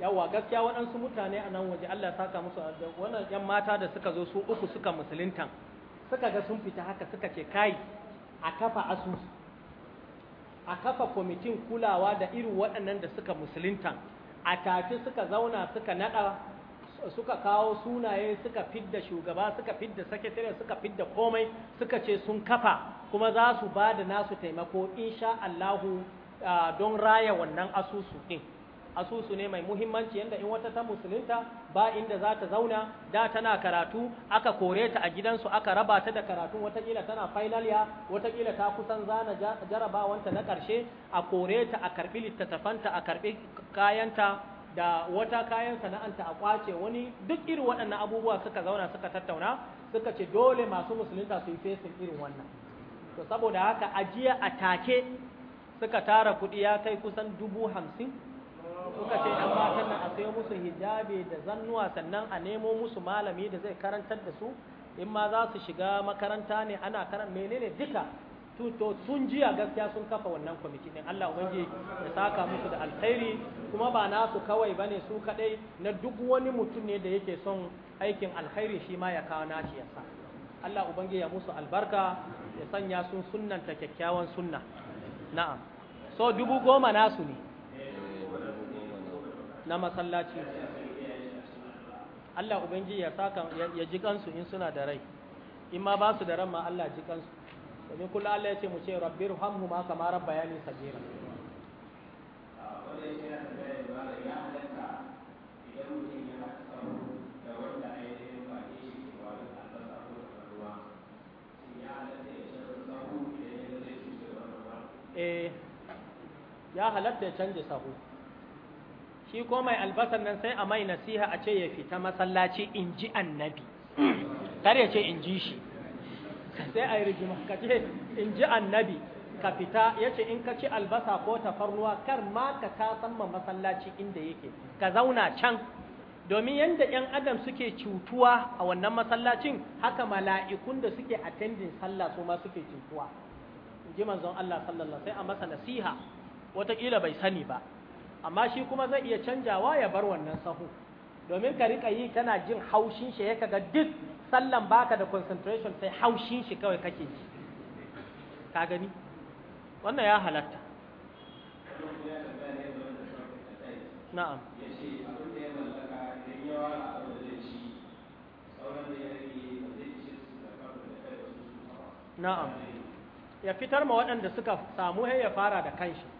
yawa gaskiya waɗansu mutane a nan waje Allah ya saka musu wannan yan mata da suka zo su uku suka musuluntan suka ga sun fita haka suka ce kai a kafa asusu a kafa kwamitin kulawa da irin waɗannan da suka musuluntan a tafi suka zauna suka nada suka kawo sunaye suka fidda shugaba suka fidda sakatare suka fidda komai suka ce sun kafa kuma za su ba da nasu taimako insha Allahu ah, don raya wannan asusu ɗin. asusu ne mai muhimmanci yanda in wata ta musulunta ba inda za ta zauna da tana karatu aka kore ta a gidansu aka raba ta da karatu watakila tana final ya watakila ta kusan zana jarabawanta na ƙarshe a kore ta a karɓi littattafanta a karɓi kayanta da wata kayan sana'anta a kwace wani duk irin waɗannan abubuwa suka zauna suka tattauna suka ce dole masu musulunta su yi fesin irin wannan to saboda haka ajiya a take suka tara kuɗi ya kai kusan dubu hamsin suka ce ‘yan matan nan a sayo musu hijabi da zannuwa sannan a nemo musu malami da zai karantar da su in ma za su shiga makaranta ne ana karan menene duka to sun jiya gaskiya sun kafa wannan kwamiti din Allah ubangi ya saka musu da alkhairi kuma ba nasu kawai bane su kadai na duk wani mutum ne da yake son aikin alkhairi shi ma ya kawo nashi ya sa Allah ubangi ya musu albarka ya sanya sun sunnanta kyakkyawan sunna na'am so dubu goma nasu ne na masallaci Allah ubangiji ya saka ya ji kansu in suna da rai in ma ba su da ran ma Allah ji kansu domin kullum Allah ya ce mu ce rabbir hamhu ma kama rabbayani sabira eh, ya halatta ya canza sahu shi ko mai albasan nan sai a mai nasiha a ce ya fita masallaci in ji annabi kar ya ce in ji shi sai a yi rigima ka ce in ji annabi ka fita ya ce in ka ci albasa ko tafarnuwa kar ma ka ta ma masallaci inda yake ka zauna can domin yadda 'yan adam suke cutuwa a wannan masallacin haka mala'ikun da suke attending sallah su ma suke cutuwa in ji manzon Allah sallallahu sai a masa nasiha wataƙila bai sani ba amma shi kuma zai iya canjawa ya bar wannan sahu domin ka rika yi kana jin haushin shi ya kaga duk sallan baka da concentration sai haushin shi kawai kake ji ka gani wannan ya halatta na'am na'am ya fitar ma waɗanda suka samu ya fara da kanshi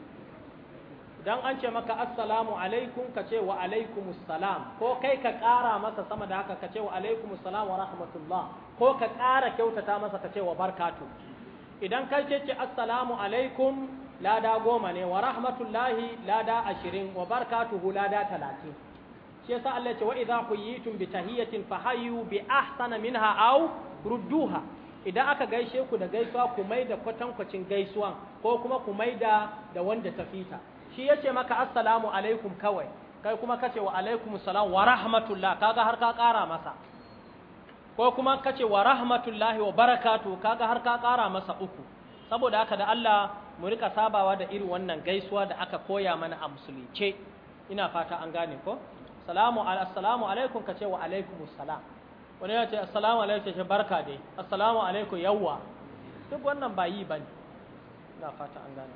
dan an ce maka assalamu alaikum ka ce wa alaikumus salam ko kai ka ƙara masa sama da haka ka ce wa alaikumus salam wa rahmatullah ko ka ƙara kyautata masa ka ce wa barkatu idan kai ce ce assalamu alaikum lada goma ne wa rahmatullahi lada ashirin wa barkatuhu lada talatin shi yasa Allah ce wa idza huyitum bi tahiyatin fahayyu bi ahsana minha aw rudduha idan aka gaishe ku da gaisuwa ku mai da kwatankwacin gaisuwan ko kuma ku mai da wanda ta fita shi yace maka assalamu alaikum kawai kai kuma kace wa alaikum salam wa rahmatullah kaga har ka kara masa ko kuma kace wa rahmatullahi wa barakatuh kaga har ka kara masa uku saboda haka da Allah mu rika sabawa da irin wannan gaisuwa da aka koya mana a musulunce ina fata an gane ko salamu assalamu alaikum kace wa alaikum salam wani ya ce assalamu alaikum shi barka dai assalamu alaikum yawwa duk wannan ba yi bane ina fata an gane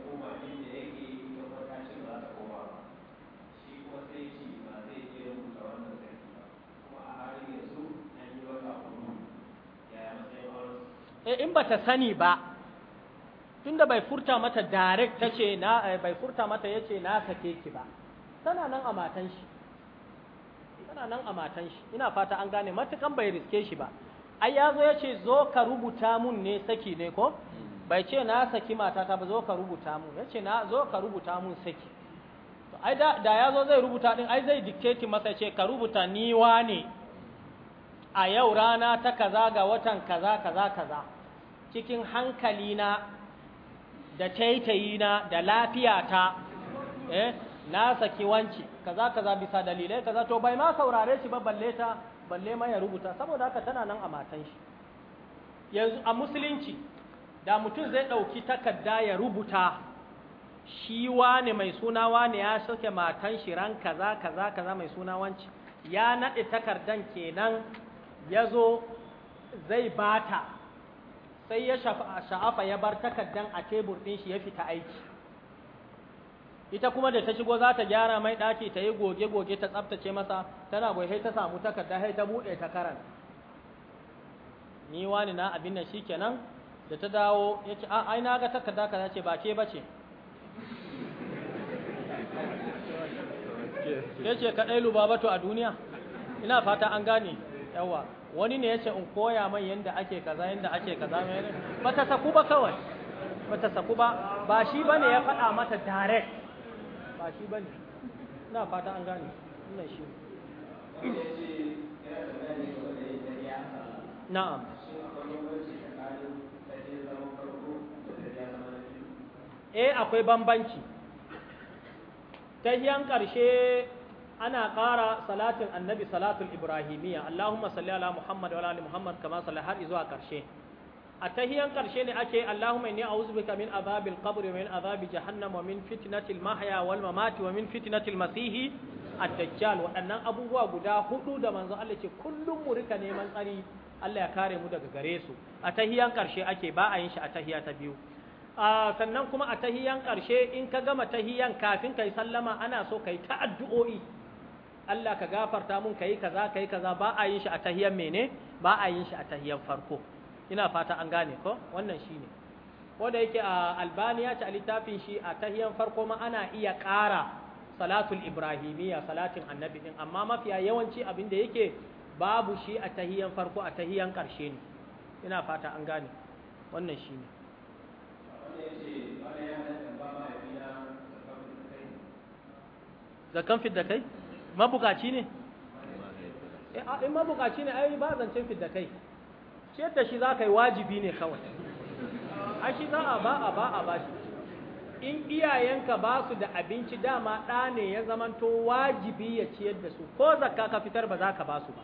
Eh, in ba ta sani ba tunda bai furta mata direct ta ce na eh, bai furta mata ya ce na sake ki ba tana nan a matan shi tana nan a matan shi ina fata an gane matukan bai riske shi ba ai ya zo ya ce zo ka rubuta mun ne saki ne ko hmm. bai ce na saki matata ba zo ka rubuta mun ya ce na zo ka rubuta mun saki to ai da, da ya zo zai rubuta din ai zai dictate masa ce ka rubuta ni wane a yau rana ta kaza ga watan kaza kaza kaza cikin hankalina da taitayina da lafiyata eh na saki wanci kaza kaza bisa dalilai kaza to bai ma saurare shi ba balle ta balle ma ya rubuta saboda haka tana nan a matan shi yanzu a musulunci da mutum zai ɗauki takarda ya rubuta shi wane mai suna wane ya soke matan shi ran kaza kaza kaza mai suna wanci ya naɗe takardan kenan ya zo zai bata sai ya sha'afa ya bar takardan a tebur ɗin shi ya fita aiki ita kuma da ta shigo za ta gyara mai ɗaki ta yi goge-goge ta tsaftace masa tana goge ta samu takarda sai ta buɗe ta karanta ni wani na abin nan shikenan da ta dawo ya ce ai na ga takarda ka ce ba ke bace ke ce kadai lubabatu a duniya ina fata an gane yawa wani ne ya ce in koya mai yadda ake kaza yadda ake kaza mai ta saku ba kawai ba ta saku ba ba shi ba ne ya faɗa mata direct ba shi ba ne ina fata an gane ina shi na'am eh akwai bambanci ta hiyan ƙarshe ana ƙara salatin annabi salatul ibrahimiyya Allahumma salli ala Muhammad wa ala Muhammad kama salli har zuwa ƙarshe a tahiyan ƙarshe ne ake Allahumma inni a'udhu bika min azabil qabr wa min azabi jahannam wa min fitnatil mahya wal mamati wa min fitnatil masihi ad-dajjal waɗannan abubuwa guda hudu da manzo Allah ce kullum mu rika neman tsari Allah ya kare mu daga gare su a tahiyan ƙarshe ake ba a yin shi a tahiya ta biyu sannan kuma a tahiyan ƙarshe in ka gama tahiyan kafin kai sallama ana so kai ta addu'o'i Allah ka gafarta mun kai kaza kai kaza ba a yin shi a tahiyyar mene ba a yin shi a tahiyyar farko ina fata an gane ko wannan shine ko da yake a Albani ya ci a littafin shi a tahiyyar farko ma ana iya ƙara salatul ibrahimiyya salatin annabi din amma mafiya yawanci abin da yake babu shi a tahiyyar farko a tahiyyar ƙarshe ne ina fata an gane wannan shine zakan fit da kai mabukaci ne eh, ah, in mabukaci ne ai ba zancen fidda kai ciyar da shi za ka yi wajibi ne kawai a shi za a ba a ba a ba shi in iyayenka ba su da abinci dama ɗa ne ya zamanto wajibi ya ciyar da su ko zakka ka fitar ba za ka ba su ba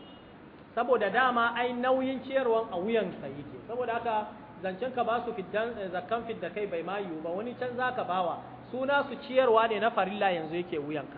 saboda dama ai nauyin ciyarwan a wuyan ka yake saboda haka zancen ka ba su eh, zakkan fidda kai bai ma yiwu ba wani can za ka bawa suna su ciyarwa ne na farilla yanzu yake wuyanka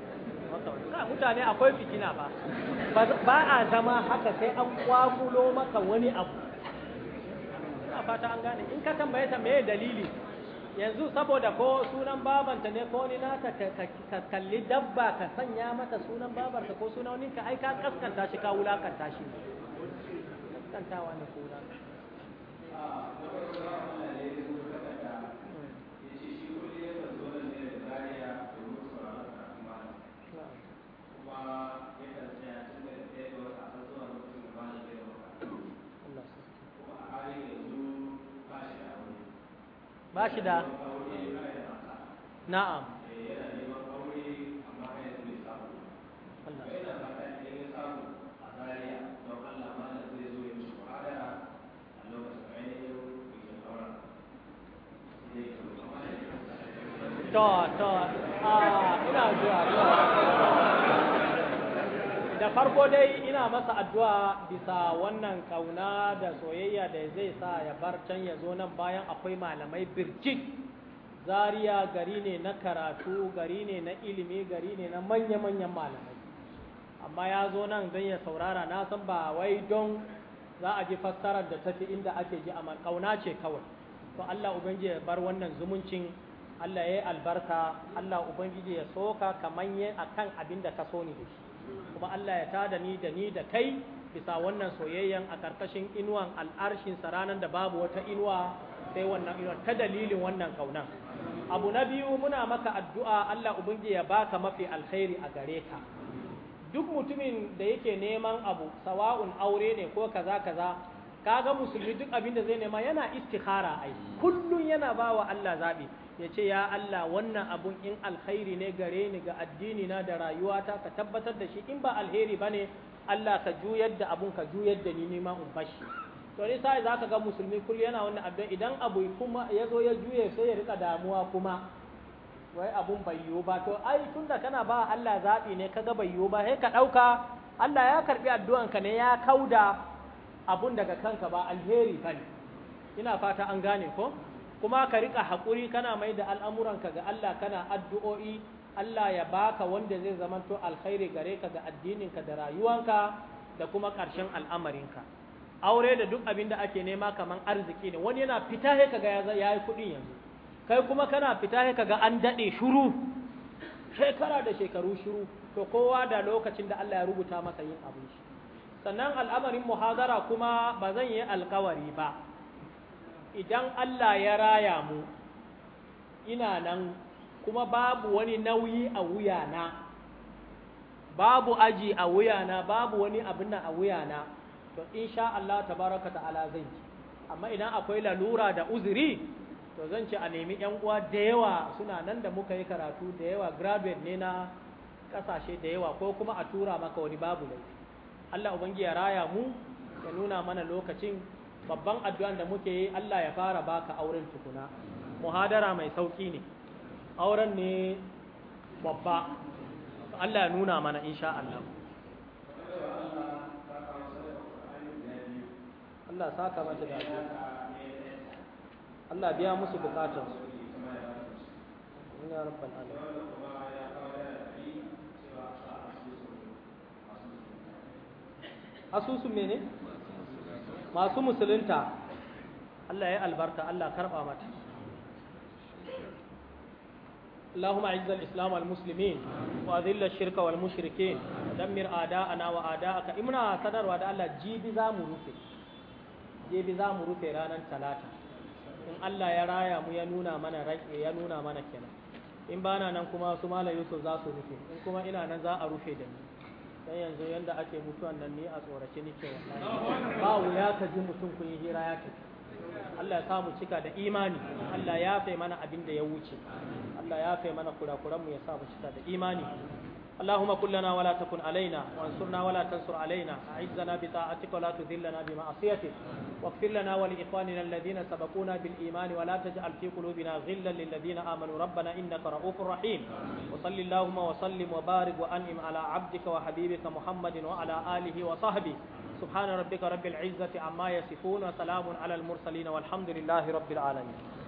mutane akwai fitina ba ba a zama haka sai an kwakulo maka wani abu ina fata an gane in ka tambaye ta me dalili yanzu saboda ko sunan babanta ne ko ni nata ka kalli dabba ka sanya mata sunan babarta ko sunan wani ka aika ka kaskanta shi ka wulakanta shi kaskantawa ne sunan ba shi da na'am to to ah ina da farko dai ina masa addu'a bisa wannan kauna da soyayya da zai sa ya bar can ya zo nan bayan akwai malamai birjik Zariya, gari ne na karatu gari ne na ilimi gari ne na manya-manyan malamai amma ya zo nan don ya saurara na san ba wai don za a ji fassarar da tafi inda ake ji amma kauna ce kawai to Allah ubangi ya bar wannan zumuncin Allah ya yi albarka Allah ubangiji ya soka kaman akan abin da ka so ni da shi kuma Allah ya tada ni da ni da kai bisa wannan soyayyen a ƙarƙashin inuwan al'arshin ranar da babu wata inuwa sai wannan inuwa ta dalilin wannan kaunan abu na biyu muna maka addu'a Allah ubangi ya baka mafi alkhairi a gare ka duk mutumin da yake neman abu sawa'un aure ne ko kaza kaza kaga musulmi duk abin da zai nema yana istikhara ai kullun yana bawa Allah zabi ya ce ya Allah wannan abun in alkhairi ne gare ni ga addini na da rayuwata ka tabbatar da shi in ba alheri bane Allah ka juyar da abun ka juyar da ni nima in bashi to ne sai zaka ga musulmi kullu yana wannan abin idan abu kuma ya zo ya juye sai ya rika damuwa kuma wai abun bai yiwu ba to ai tunda kana ba Allah zabi ne kaga bai yiwu ba sai ka dauka Allah ya karbi ka ne ya kauda abun daga kanka ba alheri ba ne ina fata an gane ko kuma ka rika haƙuri kana mai da ka ga Allah kana addu'o'i Allah ya baka wanda zai zamanto alkhairi gare ka ga addininka da rayuwanka da kuma ƙarshen al'amarinka aure da duk abin da ake nema kaman arziki ne wani yana fita he kaga ya yi kuɗin yanzu kai kuma kana fita he kaga an daɗe shuru shekara da shekaru shuru to kowa da lokacin da Allah ya rubuta maka yin abin shi sannan al'amarin muhazara kuma ba zan yi alkawari ba idan Allah ya raya mu ina nan kuma babu wani nauyi a wuyana babu aji a wuyana babu wani abin a wuyana to in sha Allah tabaraka ta'ala zan ci amma idan akwai lalura da uzuri to zan ci a nemi yan uwa da yawa suna nan da muka yi karatu da yawa graduate ne na ƙasashe da yawa ko kuma a tura maka wani babu laifi Allah ubangi ya raya mu ya nuna mana lokacin babban addu'an da muke yi Allah ya fara baka auren tukuna muhadara mai sauki ne auren ne babba Allah ya nuna mana insha Allah Allah saka mata da Allah biya musu bukatarsu. Ya rabbal asusun mene masu musulunta Allah ya albarka Allah karba mata اللهم اعز الاسلام والمسلمين واذل الشرك والمشركين ودمر اعداءنا واعداءك امنا sadarwa da Allah jibi zamu rufe jibi zamu rufe ranar talata in Allah ya raya mu ya nuna mana rai ya nuna mana kenan in bana nan kuma su mala yusuf za su rufe in kuma ina nan za a rufe da ni dan yanzu yanda ake mutuwan nan ni a tsorace nake wallahi ba wuya ka ji mutum kun yi hira ya tafi Allah ya samu cika da imani Allah ya fai mana abin da ya wuce Allah ya fai mana mu ya samu cika da imani اللهم كن لنا ولا تكن علينا وانصرنا ولا تنصر علينا اعزنا بطاعتك ولا تذلنا بمعصيتك واغفر لنا ولاخواننا الذين سبقونا بالايمان ولا تجعل في قلوبنا غلا للذين امنوا ربنا انك رؤوف رحيم وصل اللهم وسلم وبارك وانعم على عبدك وحبيبك محمد وعلى اله وصحبه سبحان ربك رب العزه عما يصفون وسلام على المرسلين والحمد لله رب العالمين